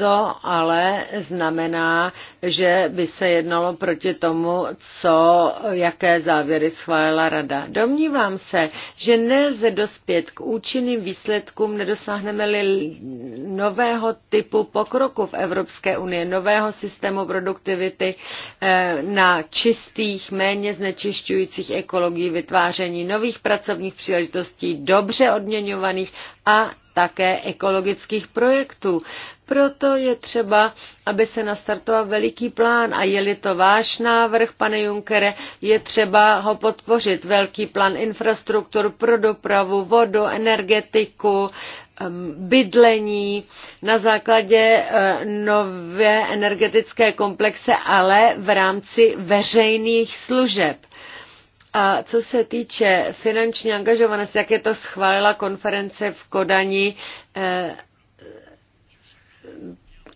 [SPEAKER 1] to ale znamená, že by se jednalo proti tomu, co, jaké závěry schválila rada. Domnívám se, že nelze dospět k účinným výsledkům, nedosáhneme-li nového typu pokroku v Evropské unii, nového systému produktivity eh, na čistých, méně znečišťujících ekologií, vytváření nových pracovních příležitostí, dobře odměňovaných a také ekologických projektů. Proto je třeba, aby se nastartoval veliký plán a je-li to váš návrh, pane Junkere, je třeba ho podpořit. Velký plán infrastruktur pro dopravu, vodu, energetiku, bydlení na základě eh, nové energetické komplexe, ale v rámci veřejných služeb. A co se týče finanční angažovanosti, jak je to schválila konference v Kodani eh,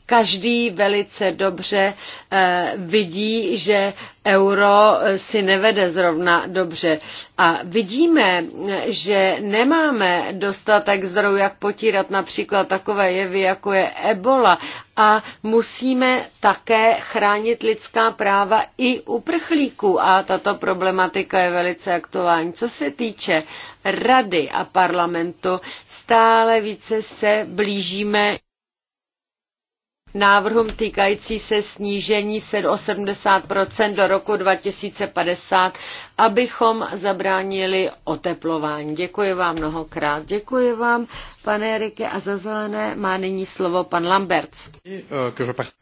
[SPEAKER 1] každý velice dobře eh, vidí, že euro si nevede zrovna dobře. A vidíme, že nemáme dostatek zdrojů, jak potírat například takové jevy, jako je ebola. A musíme také chránit lidská práva i uprchlíků. A tato problematika je velice aktuální. Co se týče rady a parlamentu, stále více se blížíme návrhům týkající se snížení se o 70 do roku 2050, abychom zabránili oteplování. Děkuji vám mnohokrát. Děkuji vám, pane Erike, a za zelené má nyní slovo pan Lamberts.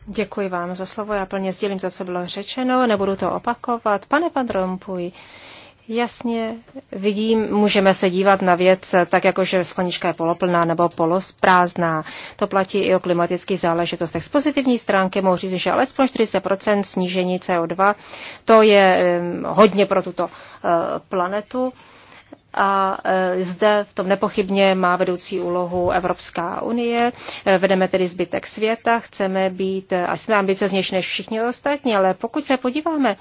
[SPEAKER 3] Děkuji vám za slovo. Já plně sdělím, co bylo řečeno. Nebudu to opakovat. Pane Van Jasně, vidím, můžeme se dívat na věc tak, jako že sklenička je poloplná nebo poloprázdná. To platí i o klimatických záležitostech. Z pozitivní stránky mohu říct, že alespoň 40% snížení CO2, to je hodně pro tuto eh, planetu a e, zde v tom nepochybně má vedoucí úlohu Evropská unie. E, vedeme tedy zbytek světa, chceme být e, a jsme ambicioznější než všichni ostatní, ale pokud se podíváme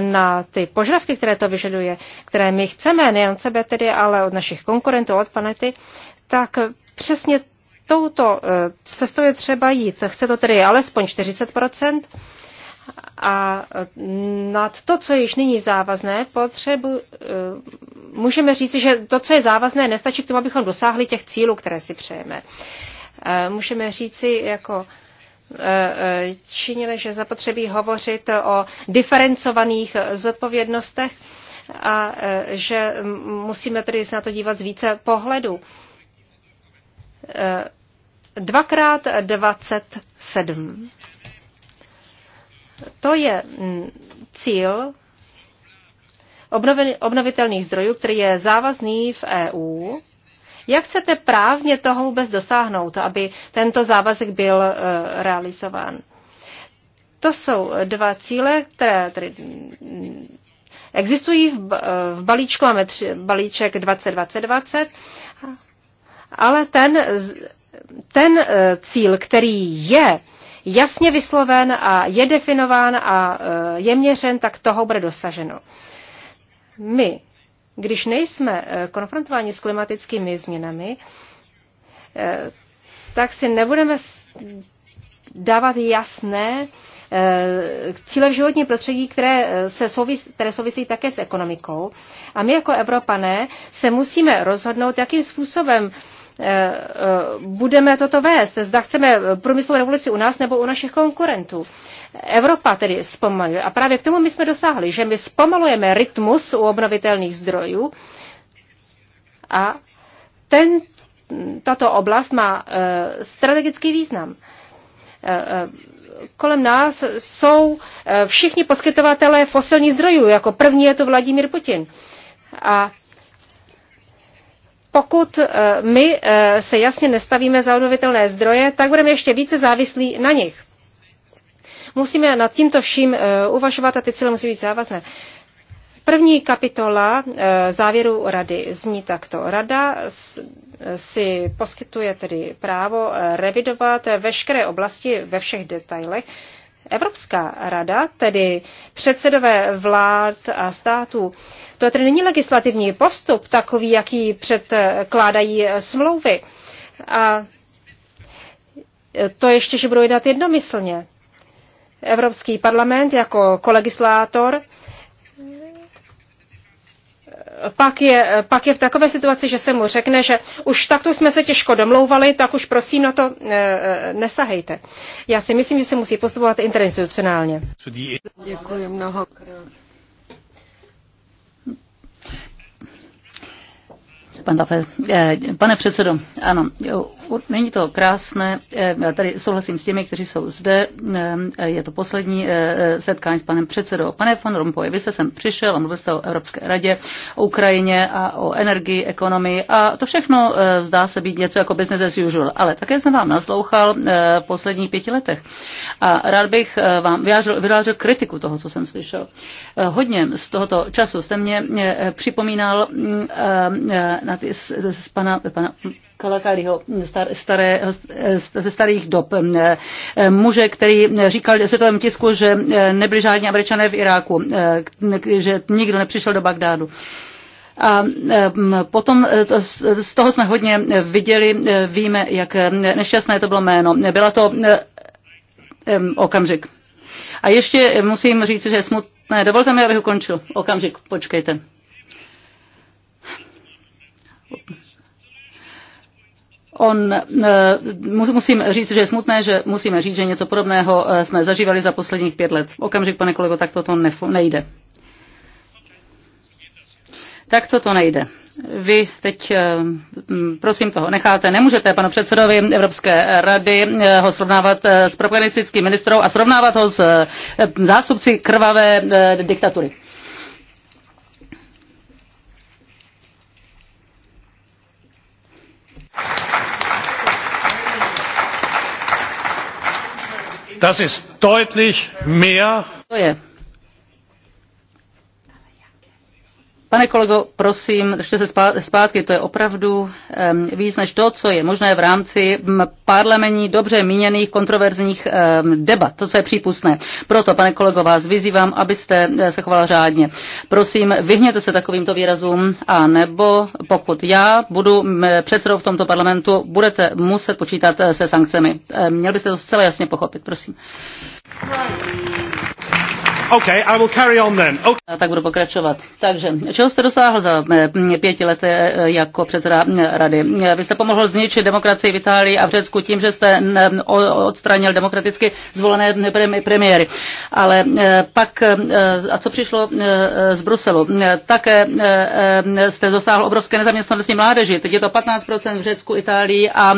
[SPEAKER 3] na ty požadavky, které to vyžaduje, které my chceme, nejen od sebe tedy, ale od našich konkurentů, od planety, tak přesně touto cestou je třeba jít. Chce to tedy alespoň 40 a nad to, co je již nyní závazné, potřebu, eh, můžeme říci, že to, co je závazné, nestačí k tomu, abychom dosáhli těch cílů, které si přejeme. Eh, můžeme říci jako eh, činili, že zapotřebí hovořit o diferencovaných zodpovědnostech a že musíme tedy se na to dívat z více pohledů. Dvakrát dvacet sedm. To je mm, cíl obnovitelných zdrojů, který je závazný v EU. Jak chcete právně toho vůbec dosáhnout, aby tento závazek byl e, realizován? To jsou dva cíle, které tedy mm, existují e, v balíčku, máme tři, balíček 2020, ale ten, ten e, cíl, který je jasně vysloven a je definován a e, je měřen, tak toho bude dosaženo. My, když nejsme e, konfrontováni s klimatickými změnami, e, tak si nebudeme dávat jasné cíle v životním prostředí, které, se souvis, které souvisí také s ekonomikou. A my jako Evropané se musíme rozhodnout, jakým způsobem Eh, eh, budeme toto vést. Zda chceme průmyslovou revoluci u nás nebo u našich konkurentů. Evropa tedy zpomaluje. A právě k tomu my jsme dosáhli, že my zpomalujeme rytmus u obnovitelných zdrojů a ten, tato oblast má eh, strategický význam kolem nás jsou všichni poskytovatelé fosilních zdrojů. Jako první je to Vladimír Putin. A pokud eh, my eh, se jasně nestavíme za obnovitelné zdroje, tak budeme ještě více závislí na nich. Musíme nad tímto vším eh, uvažovat a ty cíle musí být závazné. První kapitola závěru rady zní takto. Rada si poskytuje tedy právo revidovat veškeré oblasti ve všech detailech, Evropská rada, tedy předsedové vlád a států, to tedy není legislativní postup takový, jaký předkládají smlouvy. A to ještě, že budou jednat jednomyslně. Evropský parlament jako kolegislátor pak je, pak je v takové situaci, že se mu řekne, že už takto jsme se těžko domlouvali, tak už prosím na to eh, eh, nesahejte. Já si myslím, že se musí
[SPEAKER 1] postupovat interinstitucionálně. Děkuji mnohokrát.
[SPEAKER 2] Eh, pane předsedo, ano, Není to krásné, eh, já tady souhlasím s těmi, kteří jsou zde. Eh, je to poslední eh, setkání s panem předsedou. Pane von Rompuy, vy jste sem přišel a mluvil jste o Evropské radě, o Ukrajině a o energii, ekonomii a to všechno zdá se být něco jako business as usual, ale také jsem vám naslouchal v posledních pěti letech a rád bych vám vyjádřil, vyjádřil kritiku toho, co jsem slyšel. Hodně z tohoto času jste mě připomínal mm, na ty, z, z pana, pana Kalakaliho staré, ze starých dob. Muže, který říkal světovém tisku, že nebyli žádní američané v Iráku, že nikdo nepřišel do Bagdádu. A potom z toho jsme hodně viděli, víme, jak nešťastné to bylo jméno. Byla to okamžik. A ještě musím říct, že je smutné. Dovolte mi, abych ukončil. Okamžik, počkejte. On, e, musím říct, že je smutné, že musíme říct, že něco podobného e, jsme zažívali za posledních pět let. Okamžik, pane kolego, tak toto nejde. Tak toto nejde. Vy teď, e, prosím, toho necháte. Nemůžete panu předsedovi Evropské rady ho srovnávat s propagandistickým ministrou a srovnávat ho s zástupci krvavé diktatury. das ist deutlich mehr Pane kolego, prosím, držte se zpátky, to je opravdu víc než to, co je možné v rámci parlamentní dobře míněných kontroverzních debat, to, co je přípustné. Proto, pane kolego, vás vyzývám, abyste eh, se chovala řádně. Prosím, vyhněte se takovýmto výrazům, a nebo pokud já budu předsedou v tomto parlamentu, budete muset počítat eh, se sankcemi. Eh, měl byste to zcela jasně pochopit, prosím. Right. Okay, I will carry on then. Okay. Tak budu pokračovat. Takže, čeho jste dosáhl za mm, pěti lety eh, jako předseda mm, rady? Vy jste pomohl zničit demokracii v Itálii a v Řecku tím, že jste mm, odstranil demokraticky zvolené premiéry. Ale eh, pak, eh, a co přišlo z Bruselu? Také jste dosáhl obrovské nezaměstnanosti mládeži. Teď je to 15% v Řecku, Itálii a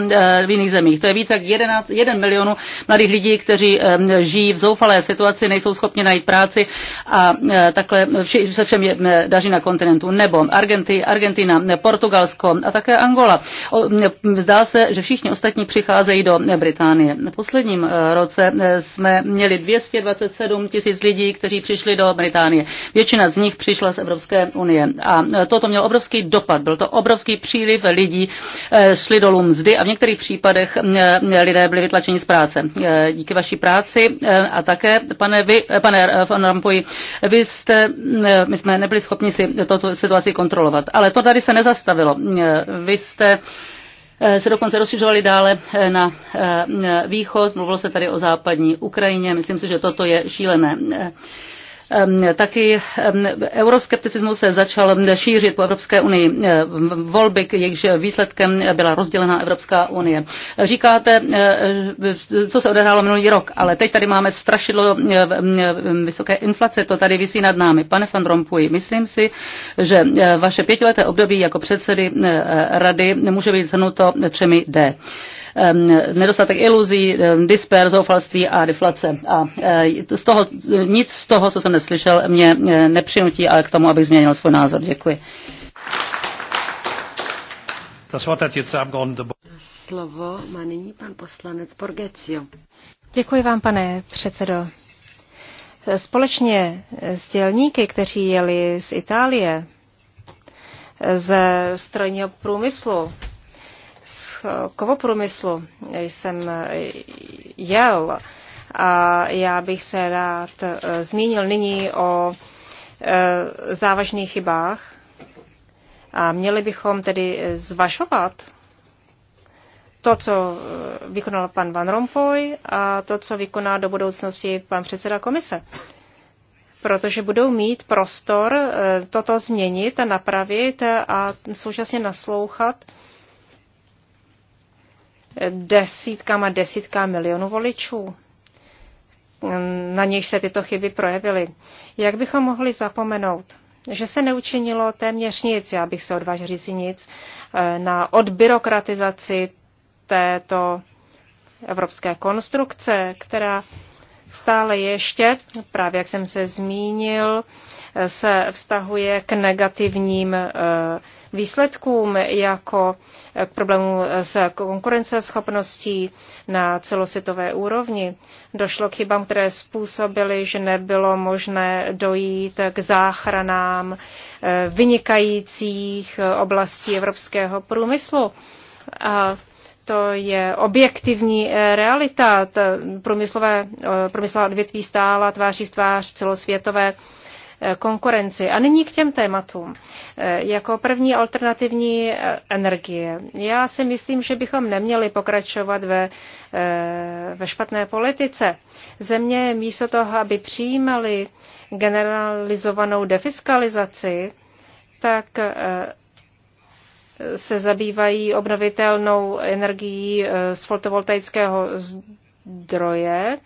[SPEAKER 2] v jiných zemích. To je více jak 11, 1 milionu mladých lidí, kteří žijí v zoufalé situaci, nejsou schopni najít práci práci a e, takhle vši, se všem je, daří na kontinentu, nebo Argenty, Argentina, Portugalsko a také Angola. O, zdá se, že všichni ostatní přicházejí do Británie. V posledním e, roce e, jsme měli 227 tisíc lidí, kteří přišli do Británie. Většina z nich přišla z Evropské unie. A toto mělo obrovský dopad. Byl to obrovský příliv lidí, šli dolů mzdy a v některých případech lidé byli vytlačeni z práce. Díky vaší práci a také, pane, vy, pane Van Rompuy, vy jste, my jsme nebyli schopni si tuto situaci kontrolovat, ale to tady se nezastavilo. Vy jste eh, se dokonce rozšiřovali dále eh, na eh, východ, mluvilo se tady o západní Ukrajině, myslím si, že toto je šílené. Ehm, taky ehm, euroskepticismus se začal šířit po Evropské unii. Ehm, volby, jejichž výsledkem byla rozdělená Evropská unie. Říkáte, co se odehrálo minulý rok, ale teď tady máme strašidlo vysoké inflace, to tady vysí nad námi. Pane van Rompuy, myslím si, že vaše pětileté období jako předsedy rady může být zhrnuto třemi D nedostatek iluzí, disper, zoufalství a deflace. A e, z toho, nic z toho, co jsem neslyšel, mě e, nepřinutí ale k tomu, abych změnil svůj názor. Děkuji.
[SPEAKER 1] Slovo má nyní pan poslanec Borgecio.
[SPEAKER 2] Děkuji vám, pane
[SPEAKER 3] předsedo. Společně s dělníky, kteří jeli z Itálie, ze strojního průmyslu, z kovoprůmyslu jsem jel a já bych se rád eh, zmínil nyní o eh, závažných chybách. A měli bychom tedy zvažovat to, co eh, vykonal pan Van Rompuy a to, co vykoná do budoucnosti pan předseda komise. Protože budou mít prostor toto změnit a napravit a současně naslouchat desítkám a desítkám milionů voličů. Na něž se tyto chyby projevily. Jak bychom mohli zapomenout, že se neučinilo téměř nic, já bych se odvážil říct nic, eh, na odbyrokratizaci této evropské konstrukce, která stále ještě, právě jak jsem se zmínil, se vztahuje k negativním eh, výsledkům, jako k problému s konkurenceschopností na celosvětové úrovni. Došlo k chybám, které způsobily, že nebylo možné dojít k záchranám eh, vynikajících oblastí evropského průmyslu. A to je objektivní eh, realita. Průmyslové, průmyslová odvětví stála tváří v tvář celosvětové Eh, konkurenci. A nyní k těm tématům. Eh, jako první alternativní eh, energie. Já si myslím, že bychom neměli pokračovat ve, ve špatné politice. Země místo toho, aby přijímali generalizovanou defiskalizaci, tak se zabývají obnovitelnou energií z fotovoltaického zdroje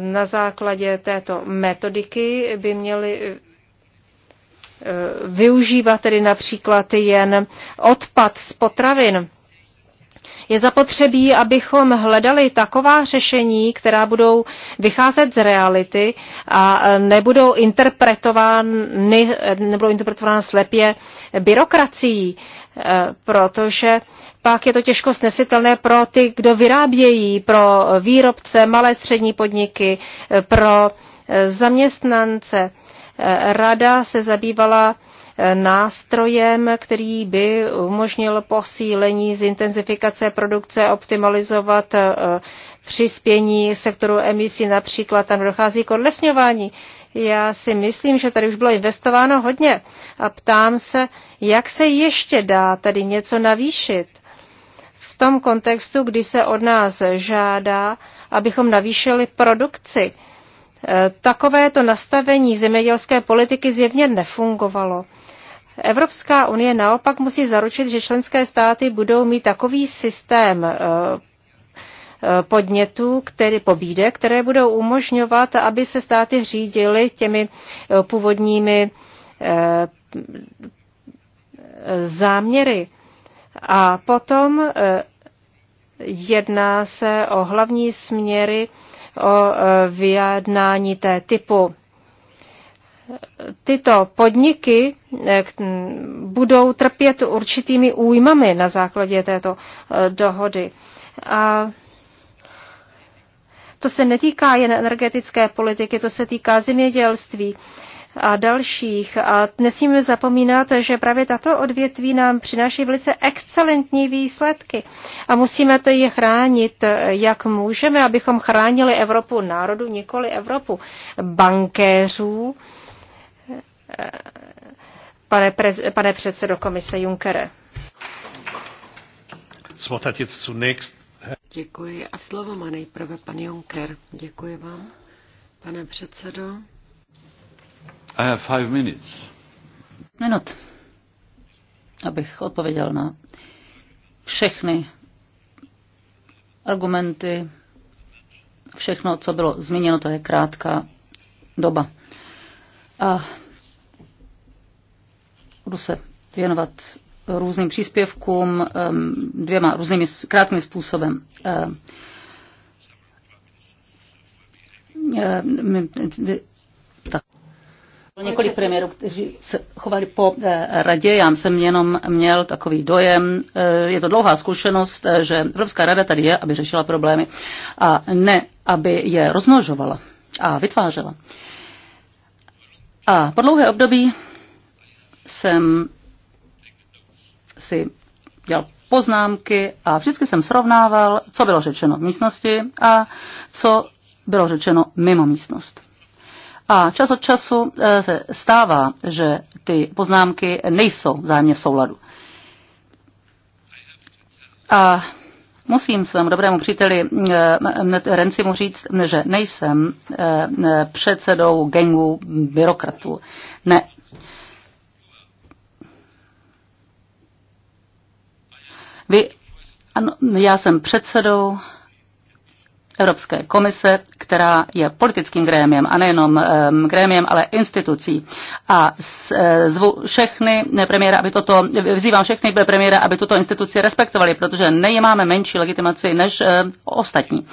[SPEAKER 3] na základě této metodiky by měly eh, využívat tedy například jen odpad z potravin je zapotřebí, abychom hledali taková řešení, která budou vycházet z reality a e, nebudou interpretovány, e, nebudou interpretována slepě byrokracií, e, protože pak je to těžko snesitelné pro ty, kdo vyrábějí, pro výrobce, malé střední podniky, pro zaměstnance. Rada se zabývala nástrojem, který by umožnil posílení zintenzifikace produkce, optimalizovat eh, přispění sektoru emisí, například tam dochází k odlesňování. Já si myslím, že tady už bylo investováno hodně a ptám se, jak se ještě dá tady něco navýšit v tom kontextu, kdy se od nás žádá, abychom navýšili produkci Takovéto nastavení zemědělské politiky zjevně nefungovalo. Evropská unie naopak musí zaručit, že členské státy budou mít takový systém eh, eh, podnětů, který pobíde, které budou umožňovat, aby se státy řídily těmi eh, původními záměry. A potom jedná se o hlavní směry o e, vyjednání té typu. Tyto podniky e, budou trpět určitými újmami na základě této e, dohody. A to se netýká jen energetické politiky, to se týká zemědělství a dalších. A nesmíme zapomínat, že právě tato odvětví nám přináší velice excelentní výsledky a musíme to je chránit, jak můžeme, abychom chránili Evropu národu, nikoli Evropu bankéřů. Pane, prez, pane předsedo komise Junckere.
[SPEAKER 1] Děkuji a slovo má nejprve pan Juncker. Děkuji vám, pane předsedo.
[SPEAKER 2] I have five minutes. Minut, abych odpověděl na všechny argumenty, všechno, co bylo zmíněno, to je krátká doba. A budu se věnovat různým příspěvkům, dvěma různými krátkým způsobem. Několik premiérů, kteří se chovali po eh, radě, já jsem jenom měl takový dojem, eh, je to dlouhá zkušenost, eh, že Evropská rada tady je, aby řešila problémy a ne, aby je rozmnožovala a vytvářela. A po dlouhé období jsem si dělal poznámky a vždycky jsem srovnával, co bylo řečeno v místnosti a co bylo řečeno mimo místnost. A čas od času eh, se stává, že ty poznámky nejsou vzájemně v souladu. A musím svému dobrému příteli eh, mu říct, že nejsem eh, předsedou gengu byrokratů. Ne. Vy, ano, já jsem předsedou Evropské komise, která je politickým grémiem a nejenom um, grémiem, ale institucí. A e, zvu všechny premiéra, aby toto, vzývám všechny premiéra, aby tuto instituci respektovali, protože nemáme menší legitimaci než e, ostatní.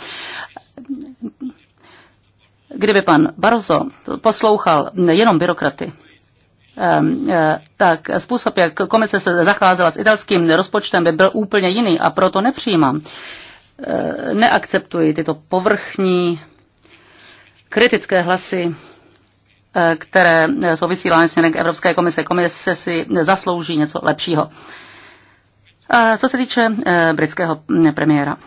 [SPEAKER 2] Kdyby pan Barroso poslouchal jenom byrokraty, e, tak způsob, jak komise se zacházela s italským rozpočtem, by byl úplně jiný a proto nepřijímám Eh, neakceptuji tyto povrchní kritické hlasy, eh, které jsou vysílány směrem k Evropské komise. Komise si zaslouží něco lepšího. A co se týče eh, britského mm, premiéra.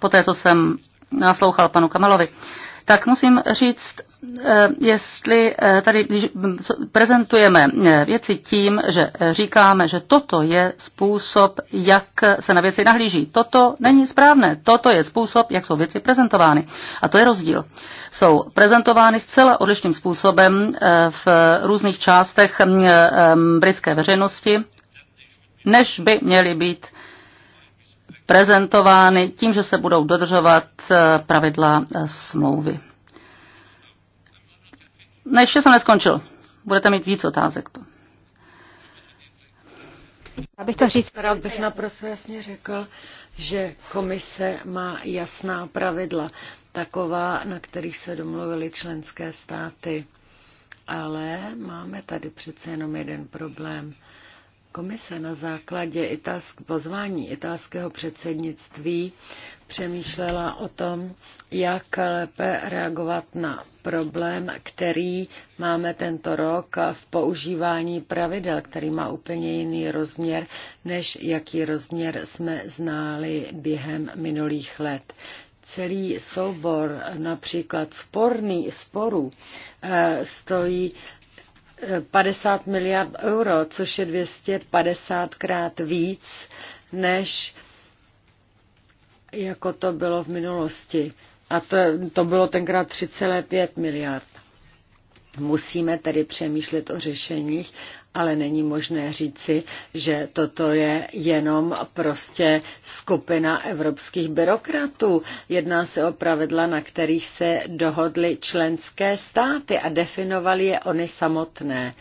[SPEAKER 2] Poté, co jsem naslouchal panu Kamalovi, tak musím říct, Eh, jestli eh, tady když prezentujeme eh, věci tím, že říkáme, že toto je způsob, jak se na věci nahlíží. Toto není správné. Toto je způsob, jak jsou věci prezentovány. A to je rozdíl. Jsou prezentovány zcela odlišným způsobem v různých částech mm, mm, britské veřejnosti, než by měly být prezentovány tím, že se budou dodržovat pravidla smlouvy. No ještě jsem neskončil. Budete mít víc otázek. Abych to říct,
[SPEAKER 1] rád bych naprosto jasně řekl, že komise má jasná pravidla, taková, na kterých se domluvily členské státy. Ale máme tady přece jenom jeden problém. Komise na základě italsk, pozvání italského předsednictví přemýšlela o tom, jak lépe reagovat na problém, který máme tento rok v používání pravidel, který má úplně jiný rozměr, než jaký rozměr jsme ználi během minulých let. Celý soubor například sporný sporů eh, stojí 50 eh, miliard euro, což je 250 krát víc než jako to bylo v minulosti. A to, to bylo tenkrát 3,5 miliard. Musíme tedy přemýšlet o řešeních, ale není možné říci, že toto je jenom prostě skupina evropských byrokratů. Jedná se o pravidla, na kterých se dohodly členské státy a definovali je oni samotné.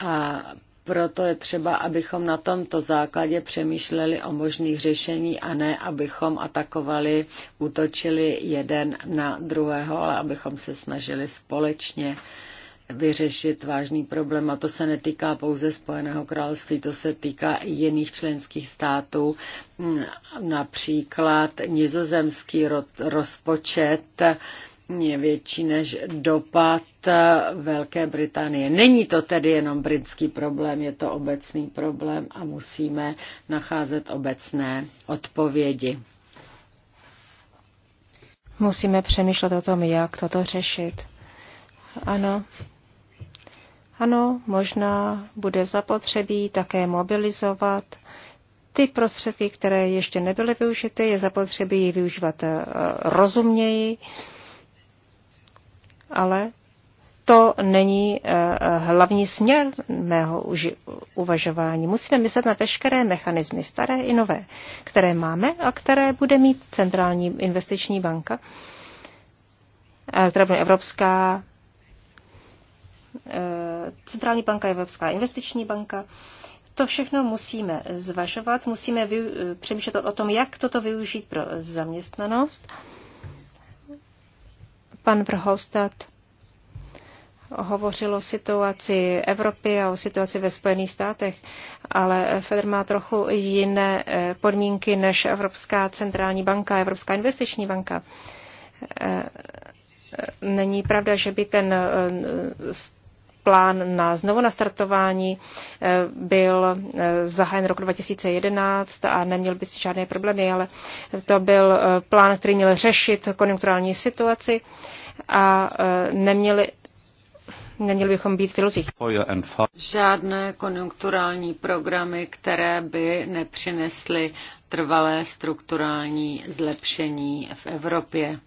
[SPEAKER 1] A proto je třeba, abychom na tomto základě přemýšleli o možných řešení a ne, abychom atakovali, útočili jeden na druhého, ale abychom se snažili společně vyřešit vážný problém. A to se netýká pouze Spojeného království, to se týká i jiných členských států. Například nizozemský rozpočet je větší než dopad eh, Velké Británie. Není to tedy jenom britský problém, je to obecný problém a musíme nacházet obecné odpovědi.
[SPEAKER 3] Musíme přemýšlet o tom, jak toto řešit. Ano. Ano, možná bude zapotřebí také mobilizovat ty prostředky, které ještě nebyly využity, je zapotřebí je využívat eh, rozumněji ale to není eh, eh, hlavní směr mého uvažování. Musíme myslet na veškeré mechanismy, staré i nové, které máme a které bude mít Centrální investiční banka, eh, která bude Evropská Centrální banka, Evropská investiční banka. To všechno musíme zvažovat, musíme přemýšlet o tom, jak toto využít pro zaměstnanost Pan Vrhovstad hovořil o situaci Evropy a o situaci ve Spojených státech, ale Feder má trochu jiné eh, podmínky než Evropská centrální banka, Evropská investiční banka. Eh, není pravda, že by ten eh, plán na znovu nastartování byl zahájen roku 2011 a neměl by si žádné problémy, ale to byl plán, který měl řešit konjunkturální situaci a e, neměli, neměli bychom být v iluzích.
[SPEAKER 1] Žádné konjunkturální programy, které by nepřinesly trvalé strukturální zlepšení v Evropě.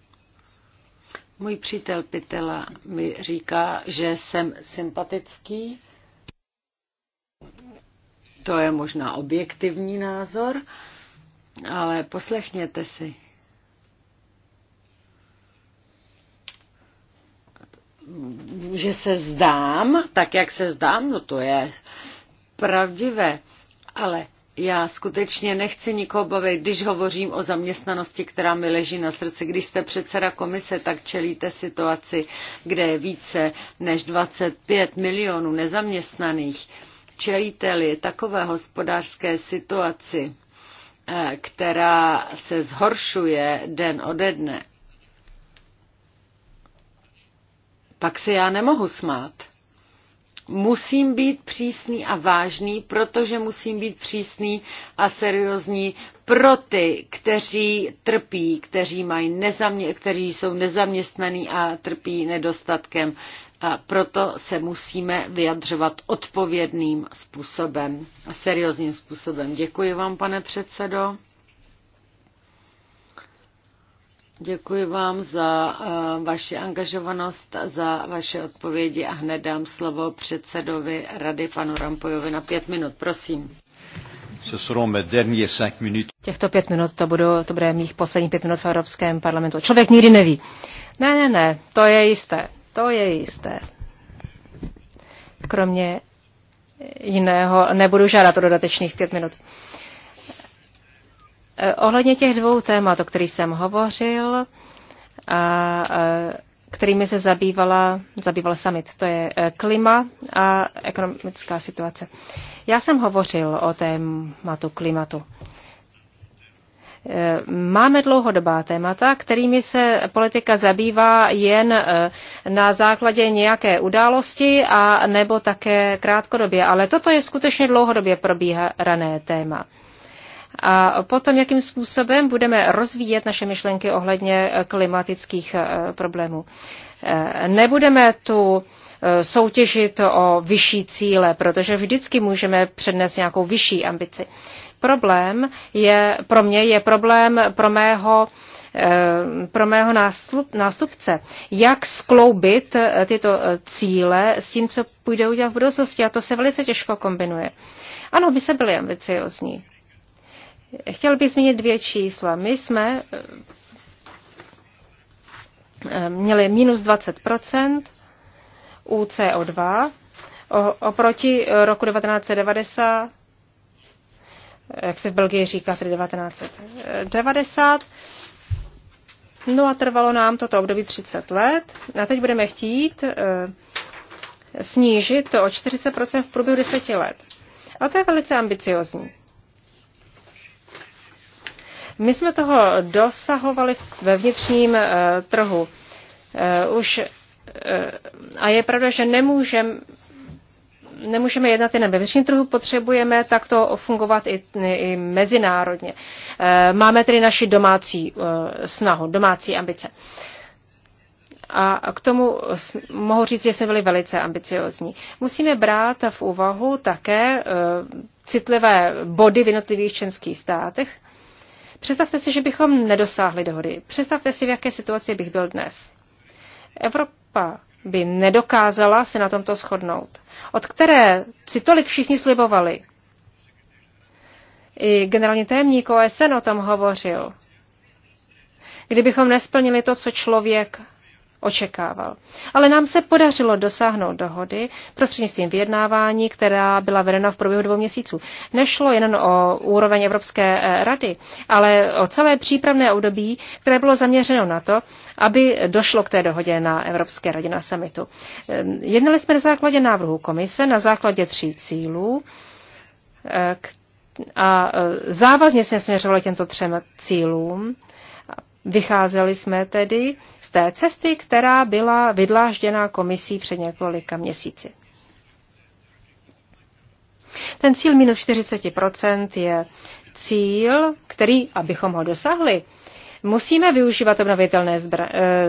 [SPEAKER 1] Můj přítel Pitela mi říká, že jsem sympatický. To je možná objektivní názor, ale poslechněte si. že se zdám, tak jak se zdám, no to je pravdivé, ale já skutečně nechci nikoho bavit, když hovořím o zaměstnanosti, která mi leží na srdci. Když jste předseda komise, tak čelíte situaci, kde je více než 25 milionů nezaměstnaných. Čelíte-li takové hospodářské situaci, eh, která se zhoršuje den ode dne, pak se já nemohu smát. Musím být přísný a vážný, protože musím být přísný a seriózní pro ty, kteří trpí, kteří, mají nezamě- kteří jsou nezaměstnaní a trpí nedostatkem. A proto se musíme vyjadřovat odpovědným způsobem a seriózním způsobem. Děkuji vám, pane předsedo. Děkuji vám za eh, vaši angažovanost, za vaše odpovědi a hned dám slovo předsedovi rady panu Rampojovi na pět minut. Prosím.
[SPEAKER 3] Těchto pět minut, to, budou, to bude mých poslední pět minut v Evropském parlamentu. Člověk nikdy neví. Ne, ne, ne, to je jisté. To je jisté. Kromě jiného nebudu žádat o dodatečných pět minut. Eh, ohledně těch dvou témat, o kterých jsem hovořil, a kterými se zabývala, zabýval summit. To je eh, klima a ekonomická situace. Já jsem hovořil o tématu klimatu. Eh, máme dlouhodobá témata, kterými se politika zabývá jen na základě nějaké události a nebo také krátkodobě, ale toto je skutečně dlouhodobě probíhané téma a potom, jakým způsobem budeme rozvíjet naše myšlenky ohledně eh, klimatických eh, problémů. Eh, nebudeme tu soutěžit o vyšší cíle, protože vždycky můžeme přednést nějakou vyšší ambici. Problém je, pro mě je problém pro mého pro mého nástup, nástupce, jak skloubit tyto cíle s tím, co půjde udělat v budoucnosti. A to se velice těžko kombinuje. Ano, by se byli ambiciozní. Chtěl bych zmínit dvě čísla. My jsme eh, měli minus 20 u CO2 oproti roku 1990, jak se v Belgii říká, tedy 1990. No a trvalo nám toto období 30 let. A teď budeme chtít eh, snížit to o 40 v průběhu 10 let. A to je velice ambiciozní. My jsme toho dosahovali ve vnitřním eh, trhu. Eh, už eh, a je pravda, že nemůžeme nemůžeme jednat jen ve vnitřním trhu, potřebujeme takto fungovat i, i mezinárodně. Máme tedy naši domácí snahu, domácí ambice. A k tomu mohu říct, že jsme byli velice ambiciozní. Musíme brát v úvahu také citlivé body v jednotlivých členských státech Představte si, že bychom nedosáhli dohody. Představte si, v jaké situaci bych byl dnes. Evropa by nedokázala se na tomto shodnout, od které si tolik všichni slibovali. I generální tajemník OSN o tom hovořil. Kdybychom nesplnili to, co člověk očekával. Ale nám se podařilo dosáhnout dohody prostřednictvím vyjednávání, která byla vedena v průběhu dvou měsíců. Nešlo jen o úroveň Evropské eh, rady, ale o celé přípravné období, které bylo zaměřeno na to, aby došlo k té dohodě na Evropské radě na summitu. Ehm, jednali jsme na základě návrhu komise, na základě tří cílů, eh, a eh, závazně jsme směřovali těmto třem cílům Vycházeli jsme tedy z té cesty, která byla vydlážděná komisí před několika měsíci. Ten cíl minus 40% je cíl, který, abychom ho dosáhli, musíme využívat obnovitelné eh,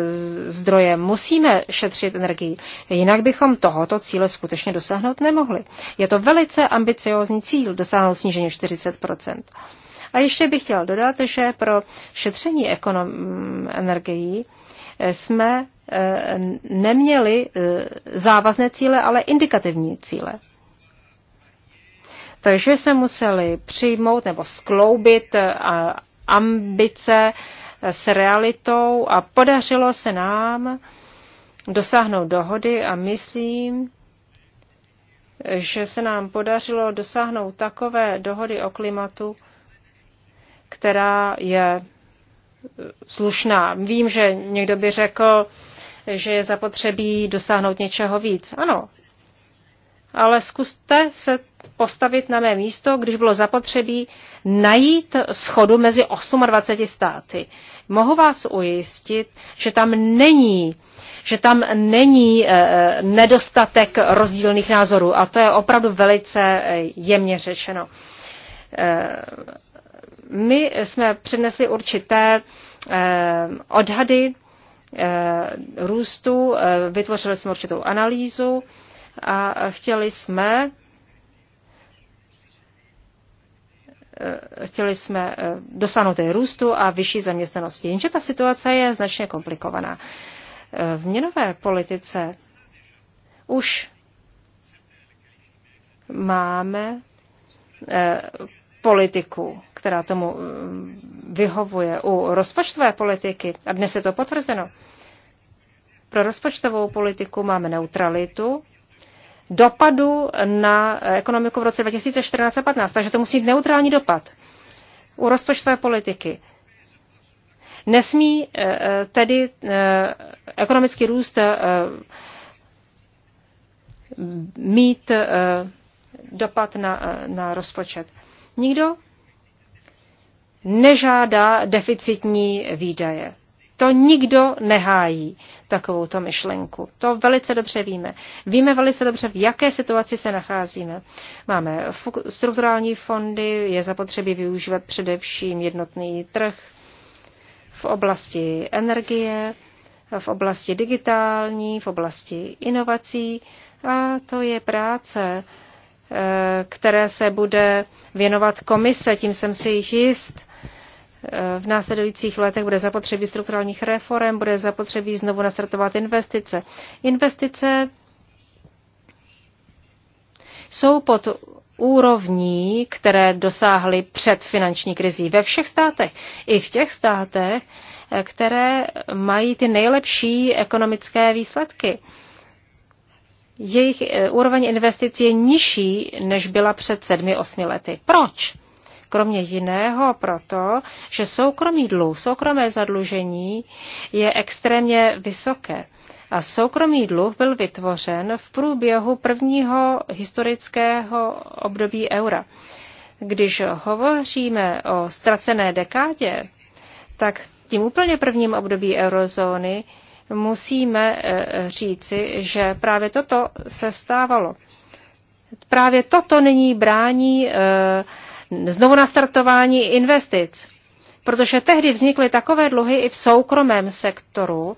[SPEAKER 3] zdroje, musíme šetřit energii, jinak bychom tohoto cíle skutečně dosáhnout nemohli. Je to velice ambiciózní cíl dosáhnout snížení 40 a ještě bych chtěla dodat, že pro šetření ekonom- energií eh, jsme eh, neměli eh, závazné cíle, ale indikativní cíle. Takže se museli přijmout nebo skloubit ambice s realitou a podařilo se nám dosáhnout dohody a myslím, že se nám podařilo dosáhnout takové dohody o klimatu, která je slušná. Vím, že někdo by řekl, že je zapotřebí dosáhnout něčeho víc. Ano, ale zkuste se postavit na mé místo, když bylo zapotřebí najít schodu mezi 28 státy. Mohu vás ujistit, že tam není že tam není eh, eh, nedostatek rozdílných názorů a to je opravdu velice eh, jemně řečeno. My jsme přinesli určité eh, odhady eh, růstu, eh, vytvořili jsme určitou analýzu a chtěli jsme chtěli jsme dosáhnout té růstu a vyšší zaměstnanosti. Jenže ta situace je značně komplikovaná. V měnové politice už máme politiku která tomu eh, vyhovuje. U rozpočtové politiky, a dnes je to potvrzeno, pro rozpočtovou politiku máme neutralitu dopadu na ekonomiku v roce 2014 a 15, takže to musí být neutrální dopad u rozpočtové politiky. Nesmí eh, eh, tedy ekonomický růst mít dopad na, na rozpočet. Nikdo nežádá deficitní výdaje. To nikdo nehájí, takovou to myšlenku. To velice dobře víme. Víme velice dobře, v jaké situaci se nacházíme. Máme strukturální fondy, je zapotřebí využívat především jednotný trh v oblasti energie, v oblasti digitální, v oblasti inovací. A to je práce, Eh, které se bude věnovat komise, tím jsem si jist. Eh, v následujících letech bude zapotřebí strukturálních reform, bude zapotřebí znovu nastartovat investice. Investice jsou pod úrovní, které dosáhly před finanční krizí ve všech státech. I v těch státech, eh, které mají ty nejlepší ekonomické výsledky jejich eh, úroveň investic je nižší, než byla před sedmi, osmi lety. Proč? Kromě jiného proto, že soukromý dluh, soukromé zadlužení je extrémně vysoké. A soukromý dluh byl vytvořen v průběhu prvního historického období eura. Když hovoříme o ztracené dekádě, tak tím úplně prvním období eurozóny musíme eh, říci, že právě toto se stávalo. Právě toto nyní brání eh, znovu nastartování investic, protože tehdy vznikly takové dluhy i v soukromém sektoru,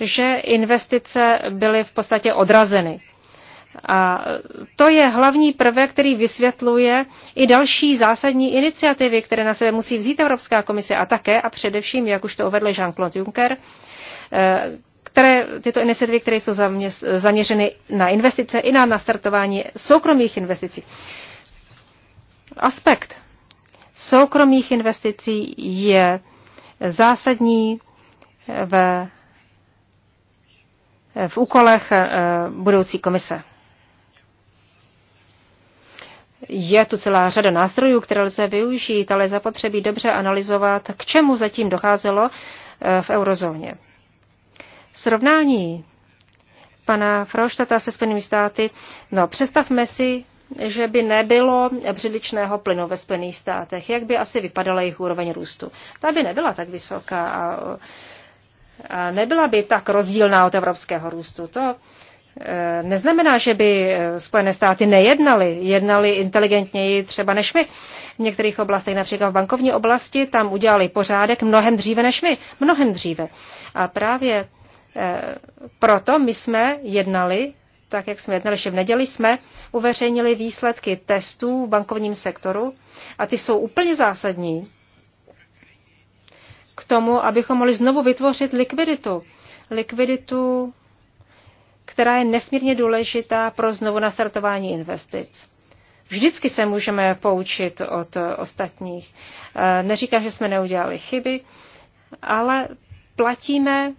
[SPEAKER 3] že investice byly v podstatě odrazeny. A to je hlavní prvek, který vysvětluje i další zásadní iniciativy, které na sebe musí vzít Evropská komise a také a především, jak už to uvedl Jean-Claude Juncker, Eh, které, tyto iniciativy, které jsou zaměřeny na investice i na nastartování soukromých investicí. Aspekt soukromých investicí je zásadní ve, v úkolech eh, budoucí komise. Je tu celá řada nástrojů, které lze využít, ale zapotřebí dobře analyzovat, k čemu zatím docházelo eh, v eurozóně srovnání pana Froštata se Spojenými státy, no představme si, že by nebylo břidličného plynu ve Spojených státech. Jak by asi vypadala jejich úroveň růstu? Ta by nebyla tak vysoká a, a nebyla by tak rozdílná od evropského růstu. To e, neznamená, že by e, Spojené státy nejednaly. Jednaly inteligentněji třeba než my. V některých oblastech, například v bankovní oblasti, tam udělali pořádek mnohem dříve než my. Mnohem dříve. A právě Eh, proto my jsme jednali, tak jak jsme jednali, že v neděli jsme uveřejnili výsledky testů v bankovním sektoru a ty jsou úplně zásadní k tomu, abychom mohli znovu vytvořit likviditu. Likviditu, která je nesmírně důležitá pro znovu nastartování investic. Vždycky se můžeme poučit od eh, ostatních. Eh, neříkám, že jsme neudělali chyby, ale platíme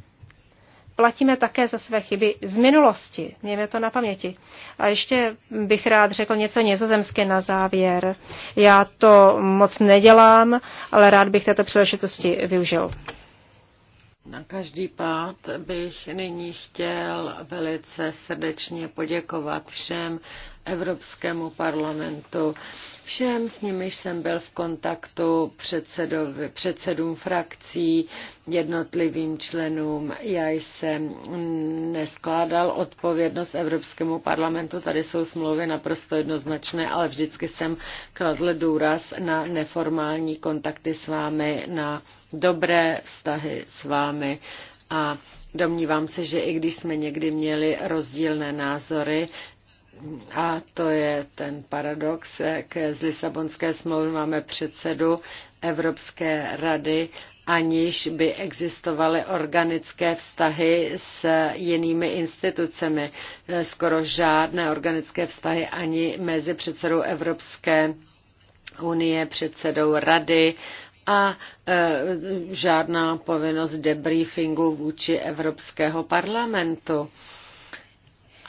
[SPEAKER 3] platíme také za své chyby z minulosti. Mějme to na paměti. A ještě bych rád řekl něco nězozemské na závěr. Já to moc nedělám, ale rád bych této příležitosti využil.
[SPEAKER 1] Na každý pád bych nyní chtěl velice srdečně poděkovat všem Evropskému parlamentu Všem s nimiž jsem byl v kontaktu předsedům frakcí, jednotlivým členům. Já jsem neskládal odpovědnost Evropskému parlamentu, tady jsou smlouvy naprosto jednoznačné, ale vždycky jsem kladl důraz na neformální kontakty s vámi, na dobré vztahy s vámi a Domnívám se, že i když jsme někdy měli rozdílné názory, a to je ten paradox, jak z Lisabonské smlouvy máme předsedu Evropské rady, aniž by existovaly organické vztahy s jinými institucemi. Skoro žádné organické vztahy ani mezi předsedou Evropské unie, předsedou rady a e, žádná povinnost debriefingu vůči Evropského parlamentu.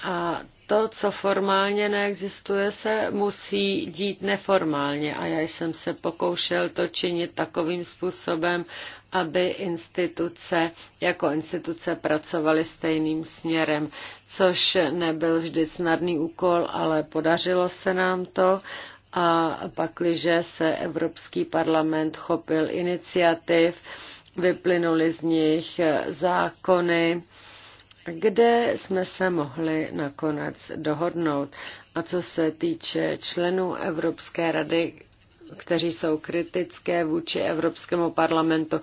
[SPEAKER 1] A to, co formálně neexistuje, se musí dít neformálně a já jsem se pokoušel to činit takovým způsobem, aby instituce jako instituce pracovaly stejným směrem, což nebyl vždy snadný úkol, ale podařilo se nám to a pakliže se Evropský parlament chopil iniciativ, vyplynuly z nich zákony, kde jsme se mohli nakonec dohodnout. A co se týče členů Evropské rady, kteří jsou kritické vůči Evropskému parlamentu,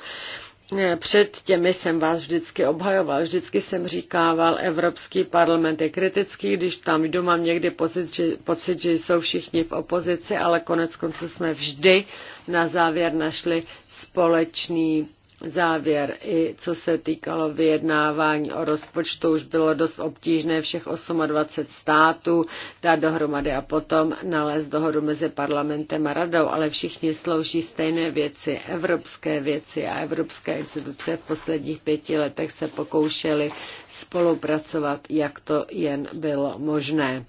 [SPEAKER 1] eh, před těmi jsem vás vždycky obhajoval, vždycky jsem říkával, Evropský parlament je kritický, když tam jdu, mám někdy pocit, že, pocit, že jsou všichni v opozici, ale konec konců jsme vždy na závěr našli společný Závěr, i co se týkalo vyjednávání o rozpočtu, už bylo dost obtížné všech 28 států dát dohromady a potom nalézt dohodu mezi parlamentem a radou, ale všichni slouží stejné věci, evropské věci a evropské instituce v posledních pěti letech se pokoušely spolupracovat, jak to jen bylo možné.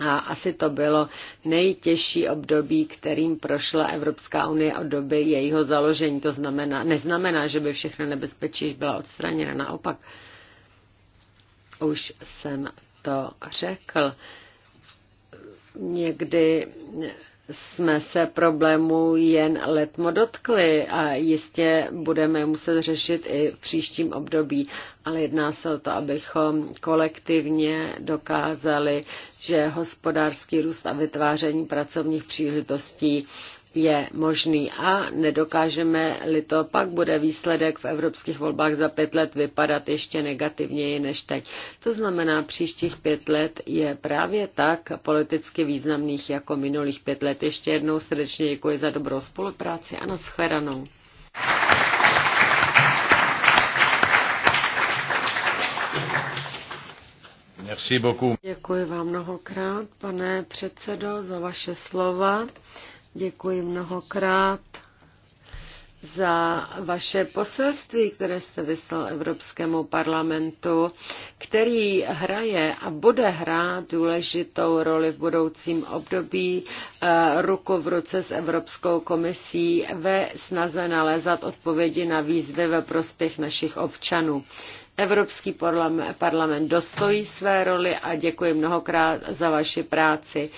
[SPEAKER 1] A asi to bylo nejtěžší období, kterým prošla Evropská unie od doby jejího založení. To znamená, neznamená, že by všechna nebezpečí byla odstraněna. Naopak, už jsem to řekl. Někdy jsme se problému jen letmo dotkli a jistě budeme muset řešit i v příštím období. Ale jedná se o to, abychom kolektivně dokázali, že hospodářský růst a vytváření pracovních příležitostí je možný a nedokážeme-li to, pak bude výsledek v evropských volbách za pět let vypadat ještě negativněji než teď. To znamená, příštích pět let je právě tak politicky významných jako minulých pět let. Ještě jednou srdečně děkuji za dobrou spolupráci a nashledanou. Děkuji vám mnohokrát, pane předsedo, za vaše slova. Děkuji mnohokrát za vaše poselství, které jste vyslal Evropskému parlamentu, který hraje a bude hrát důležitou roli v budoucím období eh, ruku v ruce s Evropskou komisí ve snaze nalézat odpovědi na výzvy ve prospěch našich občanů. Evropský parlament dostojí své roli a děkuji mnohokrát za vaši práci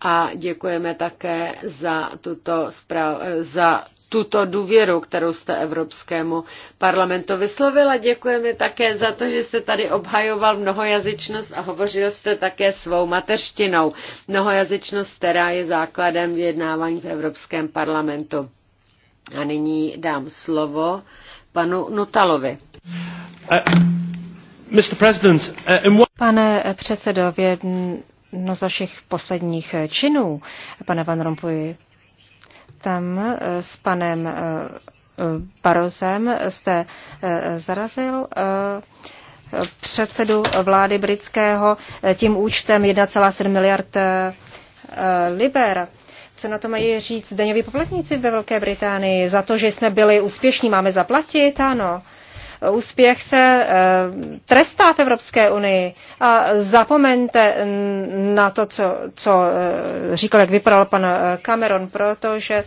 [SPEAKER 1] a děkujeme také za tuto, zpráv, za tuto důvěru, kterou jste Evropskému parlamentu vyslovila. Děkujeme také za to, že jste tady obhajoval mnohojazyčnost a hovořil jste také svou mateřštinou. Mnohojazyčnost, která je základem vyjednávání v Evropském parlamentu. A nyní dám slovo panu Nutalovi. Uh,
[SPEAKER 3] uh, pane předsedo, v jedno z vašich posledních činů, pane Van Rompuy, tam uh, s panem Barozem jste zarazil předsedu vlády britského tím účtem 1,7 miliard liber. Co na to mají říct daňoví poplatníci ve Velké Británii? Za to, že jsme byli úspěšní, máme zaplatit? Ano úspěch se eh, trestá v Evropské unii. A zapomeňte na to, co, co eh, říkal, jak vypadal pan eh, Cameron, protože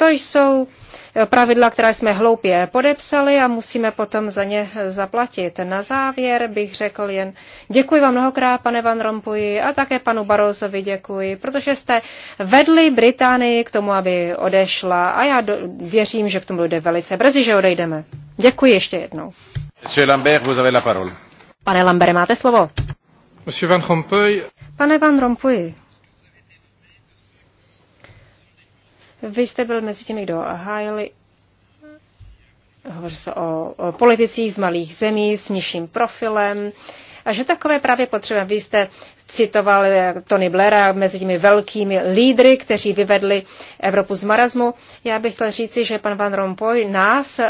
[SPEAKER 3] to jsou eh, pravidla, která jsme hloupě podepsali a musíme potom za ně eh, zaplatit. Na závěr bych řekl jen děkuji vám mnohokrát, pane Van Rompuy a také panu Barozovi děkuji, protože jste vedli Británii k tomu, aby odešla a já do, věřím, že k tomu bude velice brzy, že odejdeme. Děkuji ještě jednou. Lambert,
[SPEAKER 2] vous avez la parole.
[SPEAKER 3] Pane Lambert, máte slovo. Monsieur Van Rompuy. Pane Van Rompuy. Vy jste byl mezi těmi, kdo hájili hovoří se o, o politicích z malých zemí s nižším profilem a že takové právě potřeba. Vy jste citoval Tony Blaira mezi těmi velkými lídry, kteří vyvedli Evropu z marazmu. Já bych chtěl říci, že pan Van Rompuy nás uh,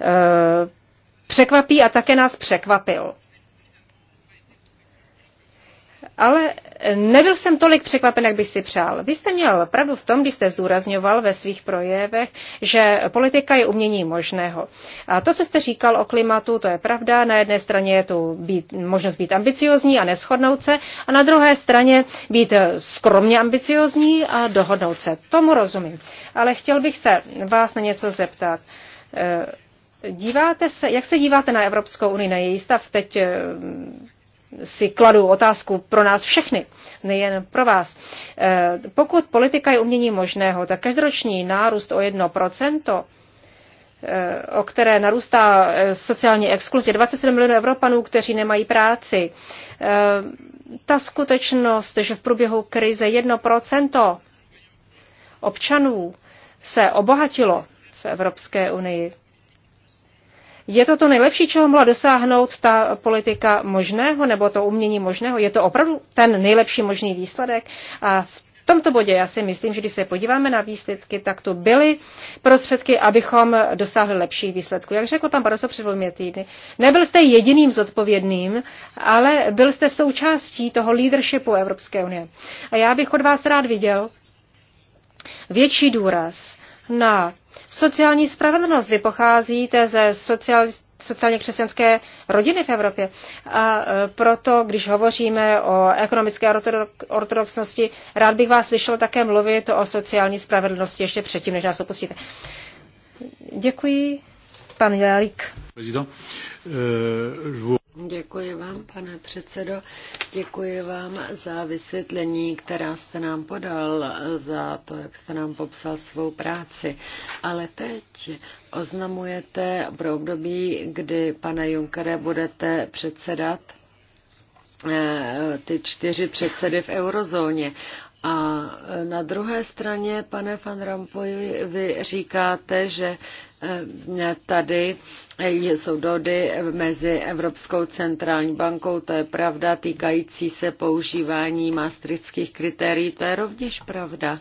[SPEAKER 3] uh, překvapí a také nás překvapil. Ale nebyl jsem tolik překvapen, jak bych si přál. Vy jste měl pravdu v tom, když jste zdůrazňoval ve svých projevech, že politika je umění možného. A to, co jste říkal o klimatu, to je pravda. Na jedné straně je tu být, možnost být ambiciozní a neschodnout se, a na druhé straně být skromně ambiciozní a dohodnout se. Tomu rozumím. Ale chtěl bych se vás na něco zeptat. E, díváte se, jak se díváte na Evropskou unii, na její stav teď e, si kladu otázku pro nás všechny, nejen pro vás. Eh, pokud politika je umění možného, tak každoroční nárůst o 1%, eh, o které narůstá eh, sociální exkluze, 27 milionů Evropanů, kteří nemají práci. Ta skutečnost, že v průběhu krize 1% občanů se obohatilo v Evropské unii, je to to nejlepší, čeho mohla dosáhnout ta politika možného nebo to umění možného? Je to opravdu ten nejlepší možný výsledek? A v tomto bodě já si myslím, že když se podíváme na výsledky, tak tu byly prostředky, abychom dosáhli lepších výsledků. Jak řekl pan Baroso před dvěmi týdny, nebyl jste jediným zodpovědným, ale byl jste součástí toho leadershipu Evropské unie. A já bych od vás rád viděl větší důraz na Sociální spravedlnost, vy pocházíte ze sociál, sociálně křesťanské rodiny v Evropě. A e, proto, když hovoříme o ekonomické ortodoxnosti, rád bych vás slyšel také mluvit o sociální spravedlnosti ještě předtím, než nás
[SPEAKER 1] opustíte. Děkuji.
[SPEAKER 3] Pan Jalík.
[SPEAKER 1] Děkuji vám, pane předsedo. Děkuji vám za vysvětlení, která jste nám podal, za to, jak jste nám popsal svou práci. Ale teď oznamujete pro období, kdy, pane Junkere, budete předsedat eh, ty čtyři předsedy v eurozóně. A na druhé straně, pane Van Rampuy, vy říkáte, že eh, tady jsou dody mezi Evropskou centrální bankou, to je pravda, týkající se používání maastrichtských kritérií, to je rovněž pravda.